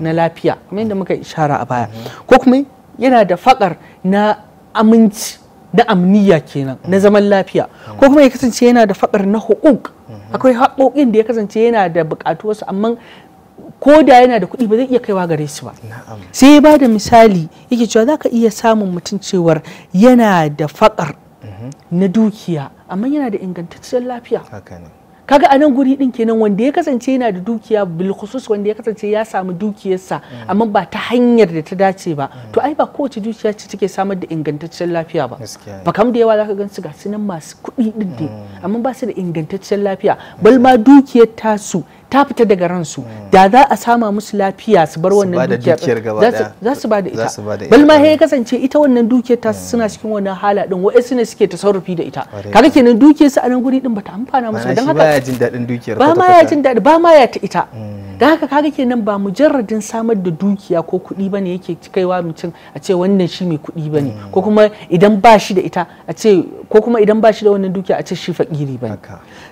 na lafiya kuma yadda muka ishara a baya mhm. ko kuma yana da fakar na aminci na amniya kenan na zaman lafiya ko kuma ya kasance yana da faɗar na hukuk akwai haƙoƙin da ya kasance yana da buƙatu wasu amma ko da yana da kuɗi ba zai iya kaiwa gare su ba sai ba da misali yake cewa za ka iya samun mutum cewar yana da faƙar mhm. na dukiya amma yana da ingantaccen lafiya kaga a nan guri din kenan wanda ya kasance yana da dukiya bilkusus wanda ya kasance ya samu dukiyarsa mm. amma ba ta hanyar da ta dace ba mm. to ai ba kowace dukiya ce take samar da ingantaccen lafiya ba ba kam da yawa zaka gan su ga sunan masu kuɗi din mm. amma ba su da ingantaccen lafiya bal ma dukiyar tasu ta fita daga ransu da za a sama musu lafiya su bar wannan dukiyar za su ba da ita bal ma ya kasance ita wannan dukiyar ta hmm. suna cikin wannan hala din wa'ai ne suke tasarrufi da ita kaga kenan dukiyar su a nan guri din bata amfana musu dan haka ba ya jin dadin dukiyar ba ma ya jin dadi ba ma ya ta ita hmm. dan haka kaga kenan ba mujarradin samar da dukiya ko kuɗi bane yake kaiwa mutum a ce wannan shi mai kuɗi bane hmm. ko kuma idan ba shi da ita a ce ko kuma idan ba shi da wannan dukiya a ce shi fakiri bane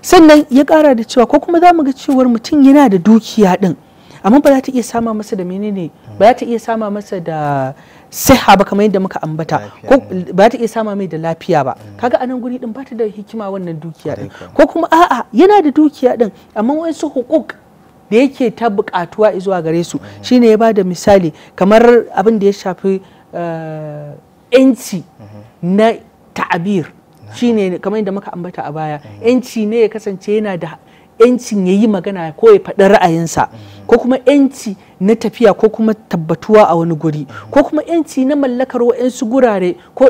sannan ya kara da cewa ko kuma za mu ga cewar mutum yana da dukiya din amma ba za ta iya sama masa da menene ba za ta iya sama masa da siha ba kamar yadda muka ambata ko eh. ba ta iya sama mai da lafiya ba mm. kaga anan guri din ba ta da hikima wannan dukiya din ko kuma a'a yana da dukiya din amma wasu hukuk da yake ta bukatuwa zuwa gare su mm. shine ya ba da misali kamar abin da ya shafi yanci eh, mm-hmm. na ta'abir shine kamar yadda muka ambata a baya yanci ne ya kasance yana da yancin ya yi magana ko ya faɗi ra'ayinsa ko kuma yanci na tafiya ko kuma tabbatuwa a wani guri ko kuma yanci na mallakar wa'yansu gurare ko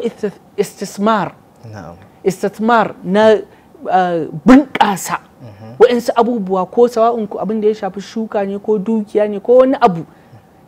istismar istismar na ah, bunƙasa wa'yansu abubuwa ko sawa'un abin da ya shafi shuka ne ko dukiya ne ko wani abu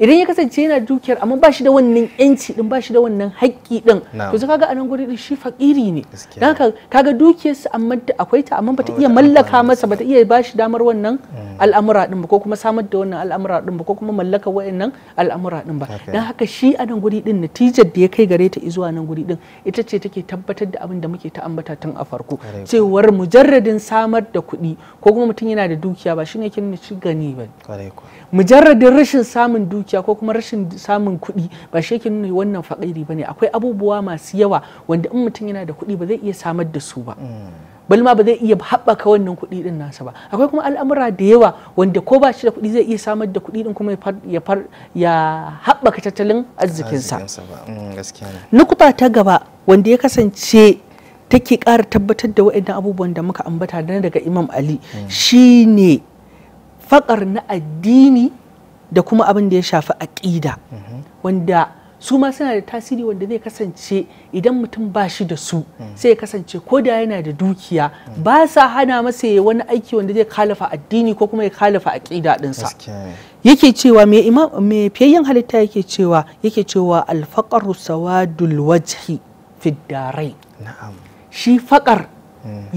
idan ya kasance yana dukiyar amma ba shi da wannan yanci din ba shi da wannan haƙƙi din to sai kaga anan gurin shi fakiri ne dan haka kaga su amma da akwai ta amma bata iya mallaka masa bata iya ba shi damar wannan mm. al'amura din ba ko kuma samar da wannan al'amura din ba ko kuma mallaka wa'annan al'amura din ba dan haka shi anan guri din natijar da ya kai gare ta zuwa nan guri din ita ce take tabbatar da abin da muke ta ambata tun a farko cewar mujarradin samar da kuɗi ko kuma mutum yana da dukiya ba shine yake nuna ci gani ba mujarradin rashin samun dukiya ko kuma rashin samun kuɗi ba shi yake nuna wannan fakiri ne akwai abubuwa masu yawa wanda in mutum yana da kuɗi ba zai iya samar da su ba mm. bal ma ba zai iya haɓaka wannan kuɗi din nasa ba akwai kuma al'amura da yawa wanda ko ba shi da kuɗi zai iya samar da kuɗi din kuma ya far ya haɓaka tattalin arzikinsa nukuta mm, ta gaba wanda ya kasance take ƙara tabbatar da waɗannan abubuwan da muka ambata daga imam ali mm. shine faƙar na addini da kuma abin da ya shafi aƙida wanda su ma suna da tasiri wanda zai kasance idan mutum ba shi da su sai ya kasance ko da yana da dukiya ba sa hana masa ya wani aiki wanda zai kalafa addini ko kuma ya kalafa aƙida ɗinsa yake cewa mai fiyayyen halitta yake cewa yake cewa alfaƙar sawadul wajhi Fiddarai shi faƙar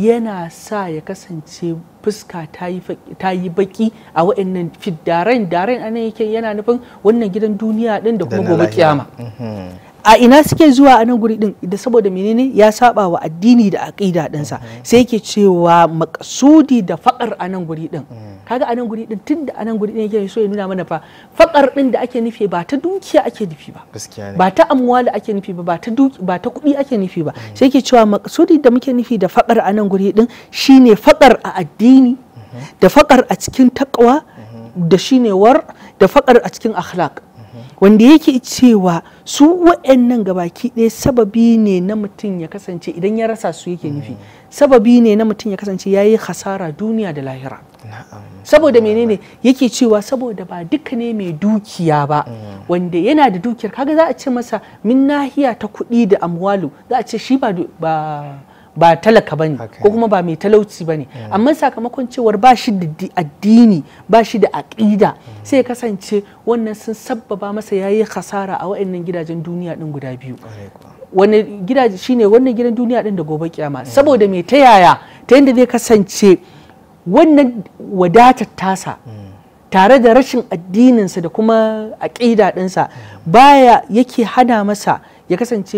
yana sa ya kasance fuska ta yi baki a wa'annan fiddaran daren anan yake yana nufin wannan gidan duniya din da kuma gobe kiyama mhm. a ina suke zuwa a nan guri din da saboda menene ya saba wa addini da aqida dinsa sai yake cewa makasudi da fakar a nan guri din mm. kaga a nan guri din tunda a nan guri din yake so ya nuna mana fa fakar din da ake nufi ba ta dukiya ake nufi ba ba ta da ake nufi ba ba ta duki ba ta kuɗi ake nufi ba mm. sai yake cewa makasudi da muke nufi da fakar a nan guri din shine fakar a addini mm-hmm. da fakar a cikin takwa mm-hmm. da shine war da fakar a cikin akhlaq wanda yake cewa su waɗannan gabaki ɗaya sababi ne na mutum ya kasance idan ya rasa su yake nufi sababi ne na mutum ya kasance ya yi hasara duniya da lahira saboda menene yake cewa saboda ba duka ne mai dukiya ba mm. wanda yana da dukiyar kaga za a ce masa min nahiya ta kuɗi da amwalu za a ce shi ba ba talaka bane ko kuma ba mai talauci bane hmm. amma sakamakon cewar ba shi da addini ba shi da aƙida hmm. sai ya kasance wannan sun sabbaba masa yayi hasara a waɗannan gidajen duniya din guda biyu wani gidaje shine wannan gidan duniya din da gobe kyama hmm. saboda mai ta yaya ta yanda zai kasance wannan wadatar tasa tare da rashin addininsa da kuma aƙida ɗinsa baya yake hana masa ya kasance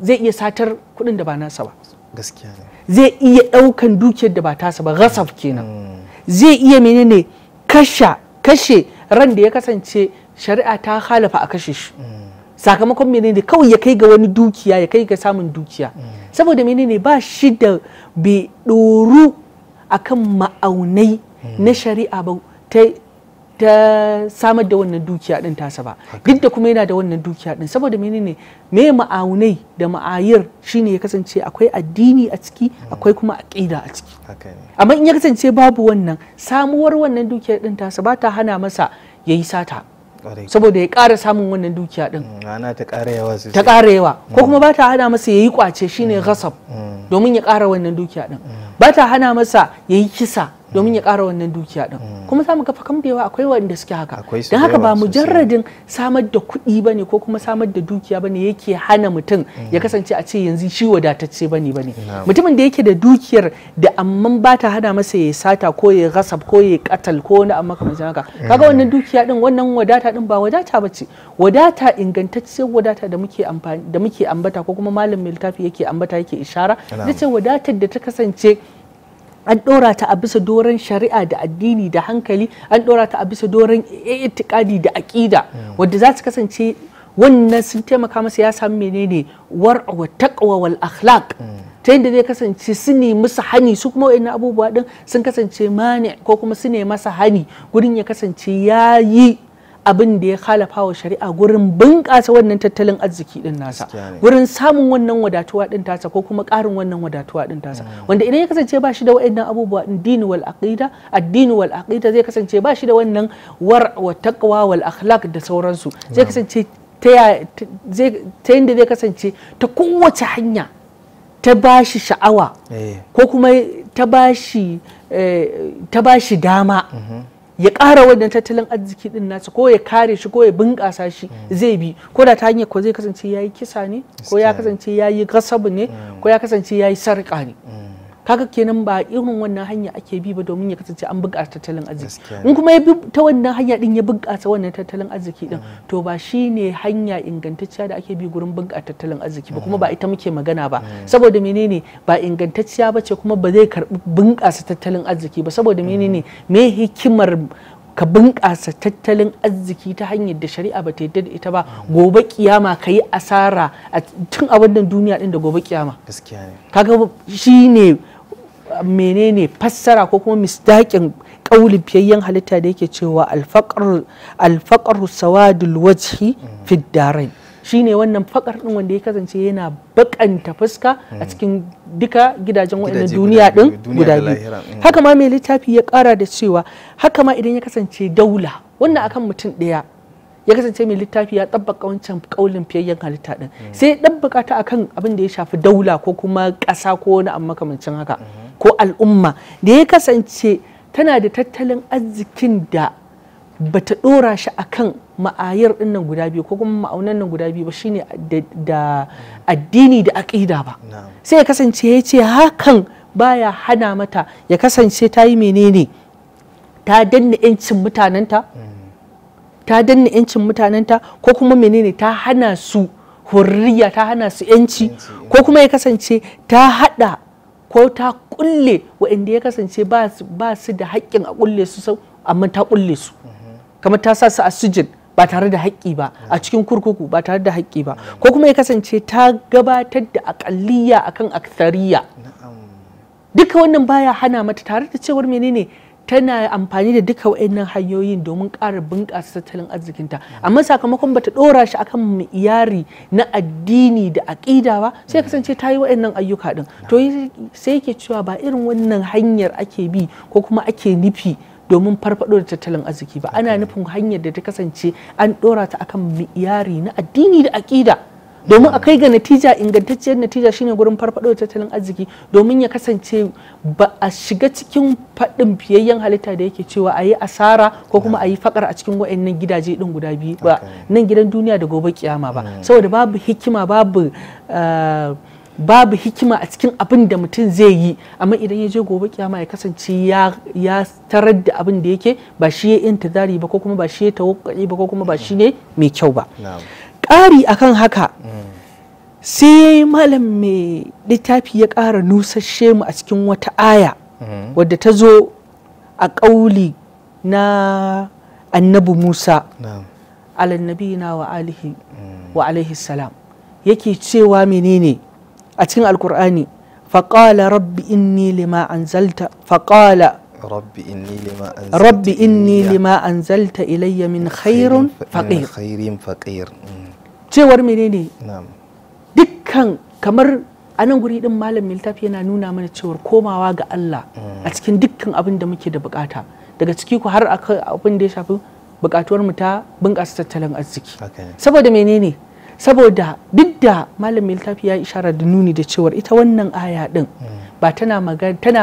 zai iya satar kuɗin da ba nasa ba gaskiya zai iya ɗaukan dukiyar da ba tasa ba gasaf kenan hmm. zai iya menene kasha kashe ran da ya kasance shari'a ta halafa a kashe shi hmm. sakamakon menene kawai ya kai ga wani dukiya ya kai ga samun dukiya hmm. saboda menene ba shi da bai ɗoru akan ma'aunai na shari'a ba ta samar da wannan dukiya din tasa ba duk da kuma yana da wannan dukiya din saboda menene me ma'aunai da ma'ayir shine ya kasance akwai addini a ciki hmm. akwai kuma aqida a ciki amma in ya kasance babu wannan samuwar wannan dukiya din tasa ba ta hana masa yayi sata saboda ya ƙara samun wannan dukiya din hmm, ana ta ƙara yawa ta ƙara yawa ko hmm. kuma ba ta hana masa yayi kwace shine ghasab domin ya kara wannan dukiya din ba ta hana masa yayi kisa domin ya kara wannan dukiya din hmm. kuma samu kafa kambewa akwai wanda suke haka don haka ba mujarradin samar da kuɗi bane ko kuma samar da dukiya bane yake hana mutum hmm. ya kasance a ce yanzu shi wadatacce bane bane mutumin da yake da dukiyar da amman ba ta hana masa ya sata ko ya gasab ko ya katal ko wani amma kamar haka kaga hmm. wannan dukiya din wannan wadata din ba wadata bace wadata ingantacce wadata da muke da muke ambata ko kuma malam mai littafi yake ambata yake ishara ita ce wadatar da ta kasance an ɗora ta a bisa doron shari'a da addini da hankali an ɗora ta a bisa doron itikadi da aƙida wadda za su kasance wannan sun taimaka masa ya samu menene war'a wa taqwa wal akhlaq ta yadda zai kasance su ne masa hani su kuma wa'annan abubuwa din sun kasance mani ko kuma su ne masa hani gurin ya kasance ya yi abin da ya halafa wa shari'a gurin bunƙasa wannan tattalin arziki din nasa gurin samun wannan wadatuwa din tasa ko kuma ƙarin wannan wadatuwa din tasa mm. wanda idan ya kasance ba shi da wa'annan abubuwa addini wal aqida addini wal aqida zai kasance ba shi da wannan war wa taqwa wal akhlaq da sauransu zai kasance ta yadda zai kasance ta kowace hanya ta ba shi sha'awa eh. ko kuma ta ba shi eh, dama mm-hmm. ya ƙara wannan tattalin arziki din nasa ko ya kare shi ko ya bunƙasa shi zai bi ko da ta hanyar ko zai kasance ya yi kisa ne ko ya kasance ya yi gasabu ne ko ya kasance ya yi sarƙa ne mm. kaga kenan ba irin wannan hanya ake bi ba domin ya kasance an bunƙasa tattalin arziki in kuma ya bi ta wannan hanya din ya bunƙasa wannan tattalin arziki din mm. to ba shine hanya ingantacciya da ake bi gurin bunƙasa tattalin arziki ba kuma ba mm. ita muke magana ba mm. saboda menene ba ingantacciya ba ce kuma ba zai karbi bunƙasa tattalin arziki ba saboda menene me hikimar ka bunƙasa tattalin arziki ta hanyar da shari'a ba ta yadda da ita ba gobe kiyama ka yi asara tun a wannan duniya din da gobe kiyama kaga shi ne menene fassara ko kuma mistakin kaulin fiyayyen halitta da yake cewa alfaƙar sawadul wajhi fiddarai shine wannan fakar ɗin wanda ya kasance yana baƙanta fuska a cikin duka gidajen waɗannan duniya din guda biyu mm. haka ma mai littafi ya ƙara da cewa haka ma idan ya kasance daula wannan akan mutum ɗaya ya kasance mai littafi ya tabbaka wancan kaulin fiyayyen halitta din mm. sai ya tabbaka ta akan abin da ya shafi daula ko kuma ƙasa ko wani amma makamancin haka mm-hmm. ko al'umma da ya kasance tana da tattalin arzikin da ba ta ɗora shi a kan ma'ayar dinnan guda biyu ko kuma ma'aunan nan guda biyu ba shine da addini da aƙida ba sai ya kasance ya ce hakan baya hana mata ya kasance ta yi menene ta danna 'yancin mutanenta mm. ta danna 'yancin mutanenta ko kuma menene ta hana su hurriya ta hana su 'yanci ko kuma ya kasance ta hada ko ta kulle waɗanda ya kasance ba su da haƙƙin a kulle su sau amma ta kulle su kamar ta sa su a sujin ba tare da haƙƙi ba a cikin kurkuku ba tare da haƙƙi ba ko kuma ya kasance ta gabatar da aƙalliya akan aksariya duka wannan baya hana mata tare da cewar menene tana amfani da duka wa'annan hanyoyin domin ƙara bunƙasa tattalin arzikinta amma sakamakon bata ɗora shi akan iyari na addini da aƙida ba sai kasance ta yi wa'annan ayyuka ɗin to sai yake cewa ba irin wannan hanyar ake bi ko kuma ake nufi domin farfaɗo da tattalin arziki ba ana nufin hanyar da ta kasance an ɗora ta akan iyari na addini da aƙida domin a kai ga natija ingantacciyar natija shine gurin farfaɗo tattalin arziki domin ya kasance ba a shiga cikin faɗin fiyayyen halitta da yake cewa a yi asara ko kuma a yi fakar a cikin wa'annan gidaje din guda biyu ba nan gidan duniya da gobe kiyama ba hmm. saboda babu hikima babu eh, babu hikima a cikin abin da mutum zai yi amma idan ya je gobe kiyama ya kasance ya tarar da abin da yake ba shi ya intizari ba ko kuma ba shi ya tawakkali ba ko kuma ba shi ne mai kyau ba ƙari akan haka sai malam mai littafi ya ƙara nusashe mu a cikin wata aya wadda ta zo a ƙauli na annabi musa alannabina wa alihi wa alaihi salam yake cewa menene a cikin alkur'ani faƙala rabbi inni lima anzalta faƙala rabbi inni lima anzalta ilayya min khairun faƙir cewar menene dukkan kamar a nan guri din malam littafi yana nuna mana cewar komawa ga Allah mm. a cikin dukkan abin da muke da bukata daga ciki ku har abin da ya shafi bukatuwar mu ta bunƙasa tattalin arziki saboda menene saboda duk da malamin littafi ya ishara da nuni da cewar ita wannan aya din mm. ba tana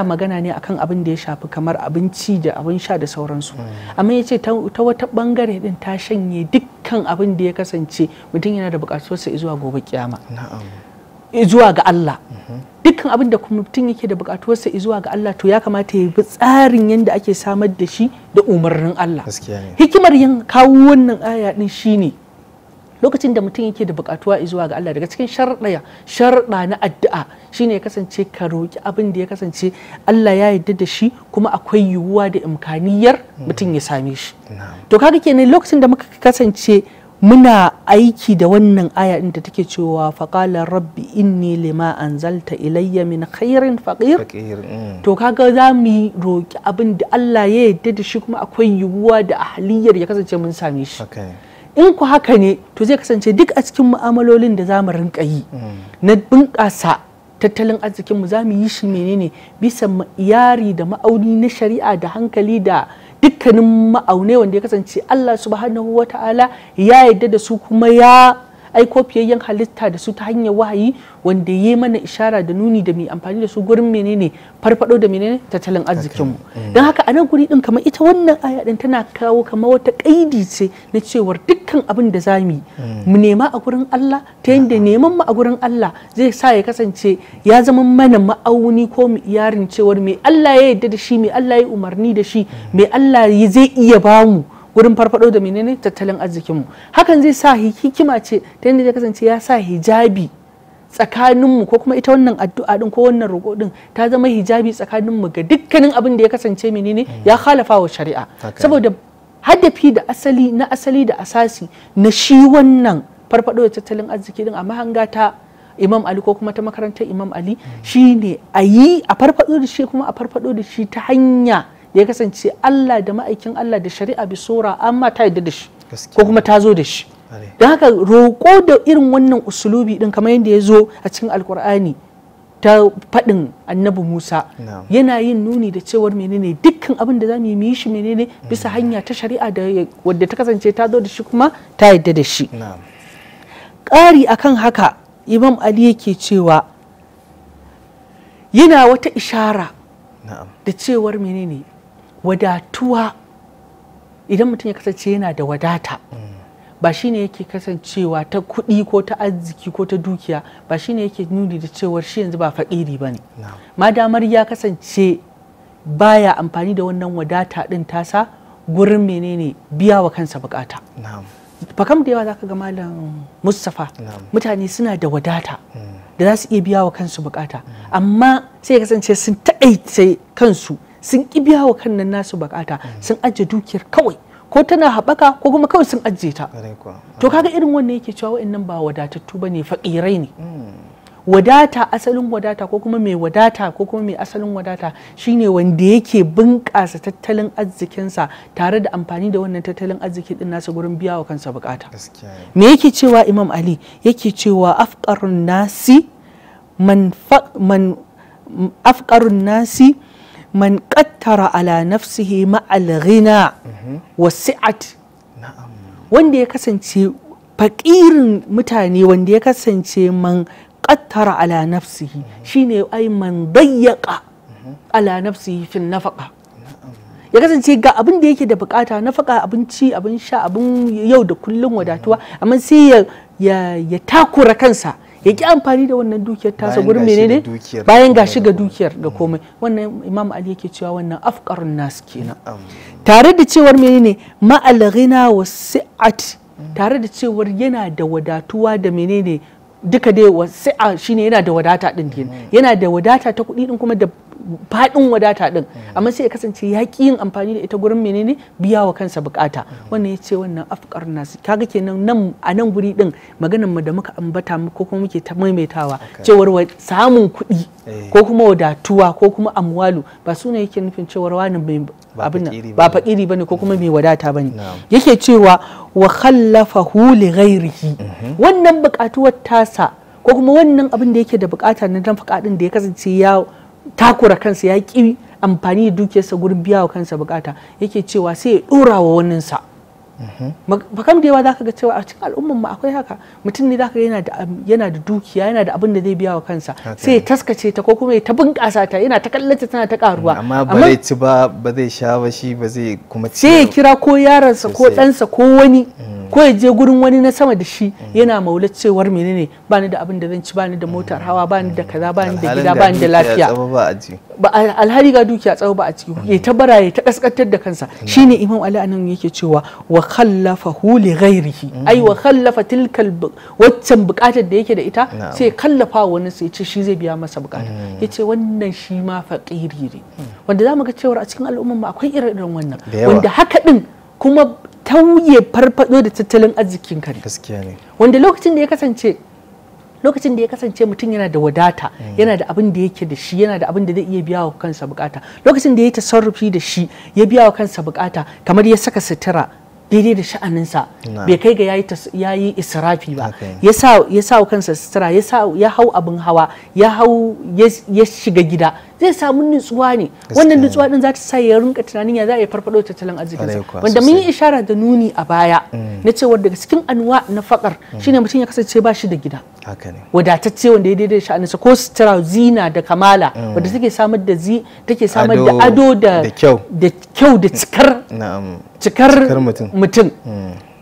magana ne akan abin da ya shafi kamar abinci da abin sha da sauransu mm. amma ya ce ta wata bangare din ta shanye dukkan abin da ya kasance mutum yana da bukatuwarsa zuwa gobe kiyama zuwa ga Allah mm-hmm. dukkan abin da mutum yake da bukatuwarsa zuwa ga Allah to ya kamata ya bi tsarin yadda ake samar da shi da umarnin Allah hikimar yin kawo wannan aya din shine lokacin da mutum yake da bukatuwa zuwa ga Allah daga cikin sharɗaya sharɗa na addu'a shine ya kasance ka roki abin da ya kasance Allah ya yarda da shi kuma akwai yiwuwa da imkaniyar mutum ya same shi to kaga kenan lokacin da muka kasance muna aiki da wannan aya inda take cewa faqala rabbi inni lima anzalta ilayya min khairin faqir mm. to kaga zamu mu roki abin da Allah ya yarda da shi kuma akwai yiwuwa da ahliyar ya kasance mun same shi in ku haka ne to zai kasance duk a cikin mu'amalolin da za mu rinka yi na bunƙasa tattalin arzikin mu za mu yi shi menene bisa iyari da ma'auni na shari'a da hankali da dukkanin ma'aunai wanda ya kasance Allah subhanahu wata'ala ya yarda da su kuma ya aiko fiyayyen halitta da su ta hanyar wahayi wanda ya yi mana ishara da nuni da mai amfani da su gurin menene farfado da menene tattalin arzikin mu eh. don haka a nan guri din kamar ita wannan aya din tana kawo kamar wata kaidi ce na cewar dukkan abin da zamu hmm. mu nema a gurin Allah ta yadda neman mu a gurin Allah zai sa ya kasance ya zama mana ma'auni ko mu iyarin cewar me Allah ya yarda da shi me Allah ya umarni da shi mai hmm. Allah zai iya bamu Wurin farfado da menene tattalin arzikinmu hakan zai sa hikima ce ta yadda zai kasance ya sa hijabi tsakaninmu ko kuma ita wannan addu'a din ko wannan roƙo din ta zama hijabi tsakaninmu ga dukkanin abin da ya kasance menene ya khalafa wa shari'a saboda hadafi da asali na asali da asasi na shi wannan farfado da tattalin arziki din a hanga ta imam ali ko kuma ta makarantar imam ali mm. shine a yi a farfado da shi kuma a farfado da shi ta hanya ya kasance Allah da ma'aikin Allah da shari'a bi sura amma ta yadda da shi ko kuma ta zo da shi don haka roƙo da irin wannan usulubi din kamar yadda ya zo a cikin alkur'ani ta faɗin annabi Musa yana yin nuni da cewar menene dukkan abin da za mu yi shi menene mm. bisa hanya ta shari'a da wadda ta kasance ta zo da shi kuma ta yadda da shi ƙari akan haka imam Ali yake cewa yana wata ishara da cewar menene wadatuwa idan mutum ya kasance yana da wadata ba shi ne yake kasancewa ta kuɗi ko ta arziki ko ta dukiya ba shi ne yake nuni da cewar shi yanzu ba faƙiri ba ne ma damar ya kasance baya amfani da wannan wadata ɗin tasa gurin menene biya wa kansa bukata fakam da yawa za ka ga malam mustapha mutane suna da wadata mm. da za su iya biya wa kansu bukata mm. amma sai ya kasance sun taɗaice kansu sun ƙi biya wa kannan nasu bukata sun ajiye dukiyar kawai ko tana haɓaka ko kuma kawai sun ajiye ta to kaga irin wannan yake cewa wa'annan ba wadatattu bane faƙirai ne hmm. wadata asalin wadata ko kuma mai wadata ko kuma mai asalin wadata shine wanda yake bunƙasa tattalin arzikinsa tare da amfani da wannan tattalin arziki din nasa gurin biya wa kansa bukata me yake cewa imam ali yake cewa afqarun nasi man afqarun nasi man kattara ala nafsihi ma'al ghina wasi'at wanda ya kasance fakirin mutane wanda ya kasance man kattara ala nafsihi shine ai man dayyaka ala nafsihi ya kasance ga abin da yake da bukata nafaka abinci abin sha abin yau da kullum wadatuwa amma sai ya takura kansa ya ki amfani da wannan dukiyar tasa gurin menene bayan gashi ga dukiyar ga mm. komai wannan imam ali yake cewa wannan afqarun nas kenan tare da cewar menene ma'al ghina wasi'at mm. tare da cewar yana da wadatuwa da menene duka dai wasi'a shine yana da wadata din din mm. yana da wadata ta kuɗi din kuma da faɗin wadata din mm. amma sai ya kasance ya ƙi yin amfani da ita gurin menene biya wa kansa bukata mm. wannan ya ce wannan afkar nasu kaga kenan nan a nan guri din maganar mu da muka ambata mu ko kuma muke ta maimaitawa cewar samun kuɗi eh. ko kuma wadatuwa ko kuma amwalu ba su ne yake nufin cewar wani abin ba fakiri ne ko kuma mai wadata ba ne yake cewa wa hu li ghairihi mhm. wannan buƙatuwar tasa ko kuma wannan abin da yake da buƙata na dan fakadin da ya kasance ya takura kansa ya ki amfani da dukiyarsa gurin biya wa kansa buƙata yake cewa sai ya dora wa wannan sa bakam da yawa zaka ga cewa a cikin al'umman mu akwai haka mutum ne zaka yana da yana da dukiya yana da abin da zai biya wa kansa sai ya taskace ta ko kuma ya ta bunƙasa ta yana ta kallata tana ta karuwa mm, amma ba zai ci ba ba zai sha ba shi ba zai kuma ci sai ya kira ko yaransa ko ɗansa ko wani mm. ko ya je gurin wani na sama da shi mm. yana maulat cewar menene ba ni da abin da zan ci ba ni da motar hawa ba ni da kaza ba ni da gida ba ni da lafiya ba alhali ga dukiya tsawo ba a ciki ya ta bara ya ta kaskantar da kansa shine imam ali anan yake cewa wa khallafa huli ghairihi mm. ai wa khallafa tilkal waccan bukatar da yake da ita sai kallafa wani sai ce shi zai biya masa bukata mm. yace wannan shi ma faqiri ne mm. wanda zamu ga cewa a cikin al'umman mu akwai irin wannan wanda haka din kuma tauye farfado da tattalin arzikin ka gaskiya ne wanda lokacin da ya kasance lokacin da ya kasance mutum yana da wadata yana da abin da yake da shi yana da abin da zai iya biya wa kansa bukata lokacin da ya tasarrufi da shi ya biya wa kansa bukata kamar ya saka sutura daidai da sha'aninsa bai kai ga ya yi israfi ba ya sa kansa sutura ya hau abin hawa ya hau ya shiga gida zai samu nutsuwa ne wannan nutsuwa din za ta sa ya rinka tunanin ya za a yi farfado tattalin sa wanda mun yi ishara da nuni a baya mm. na cewa daga cikin anwa na fakar mm. shine mutum ya kasance ba shi da gida wadatacce wanda ya daidai sa ko sutura zina da kamala mm. wanda take samar da zi take samar da ado da kyau da cikar cikar mutum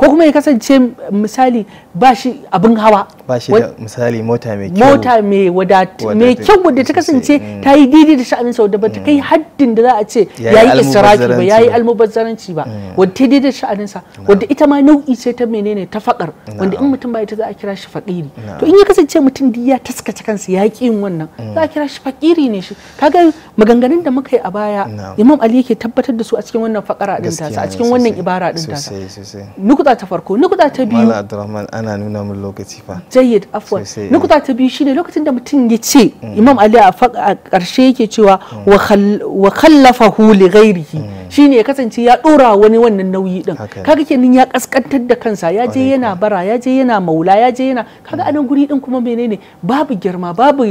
ko kuma ya kasance misali ba shi abin hawa ba shi da misali mota mai kyau mota mai wadata mai kyau wadda ta kasance mm. ta yi daidai da sha'anin sau wadda ba ta kai mm. haddin da za a ce yi istiraki ba ya yi almubazzaranci ba mm. wadda ta daidai da sha'anin sa wadda ita ma nau'i ce ta menene ta fakar wanda in mutum bai ta za a kira shi fakiri to in ya kasance mutum duk ya taskace kansa ya ki yin wannan za a kira shi fakiri ne shi kaga maganganun da muka yi a baya imam ali yake tabbatar da su a cikin wannan fakara din tasa a cikin wannan ibara din ta nukuta nukuta ta farko nukuta ta biyu mallam abdurrahman ana nuna min lokaci fa jayyid afwan nukuta ta biyu shine lokacin da mutum ya ce mm. imam ali a karshe yake cewa mm. wa khallafahu li ghairihi mm. shine ya kasance ya dora wani wannan nauyi din kaga kenan ya kaskantar da kansa ya je yana bara ya je yana maula ya je yana kaga anan guri din kuma menene babu girma babu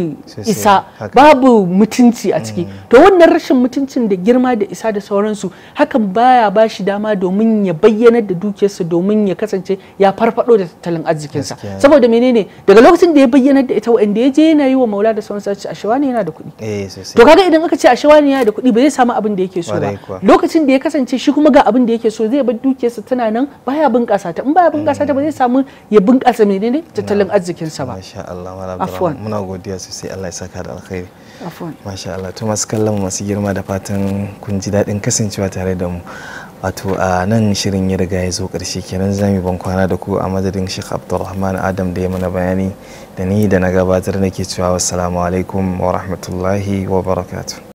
isa babu mutunci a ciki to wannan rashin mutuncin da girma da isa da sauransu hakan baya bashi dama domin ya bayyana da dukiyarsa domin domin ya kasance ya farfado da tattalin arzikinsa saboda menene daga lokacin da ya bayyana da ita wanda ya je yana yi wa maula da sauransa ce ashawani yana da kuɗi eh, to kaga idan aka ce ashawani yana da kuɗi ba zai samu abin da yake so ba lokacin da ya kasance shi kuma ga abin da yake so zai bar dukiyarsa tana nan baya bunƙasa ta in baya bunƙasa ta ba zai samu ya bunƙasa menene tattalin arzikinsa ba masha Allah afwan muna godiya sosai Allah ya saka da alkhairi afwan masha Allah to masu kallon masu girma da fatan kun ji daɗin kasancewa tare da mu wato a nan shirin ya riga ya zo karshe kenan zami ban kwana da ku a madadin Sheikh Abdulrahman Adam da ya mana bayani da ni da na gabatar nake cewa wasu alaikum wa rahmatullahi wa barakatuh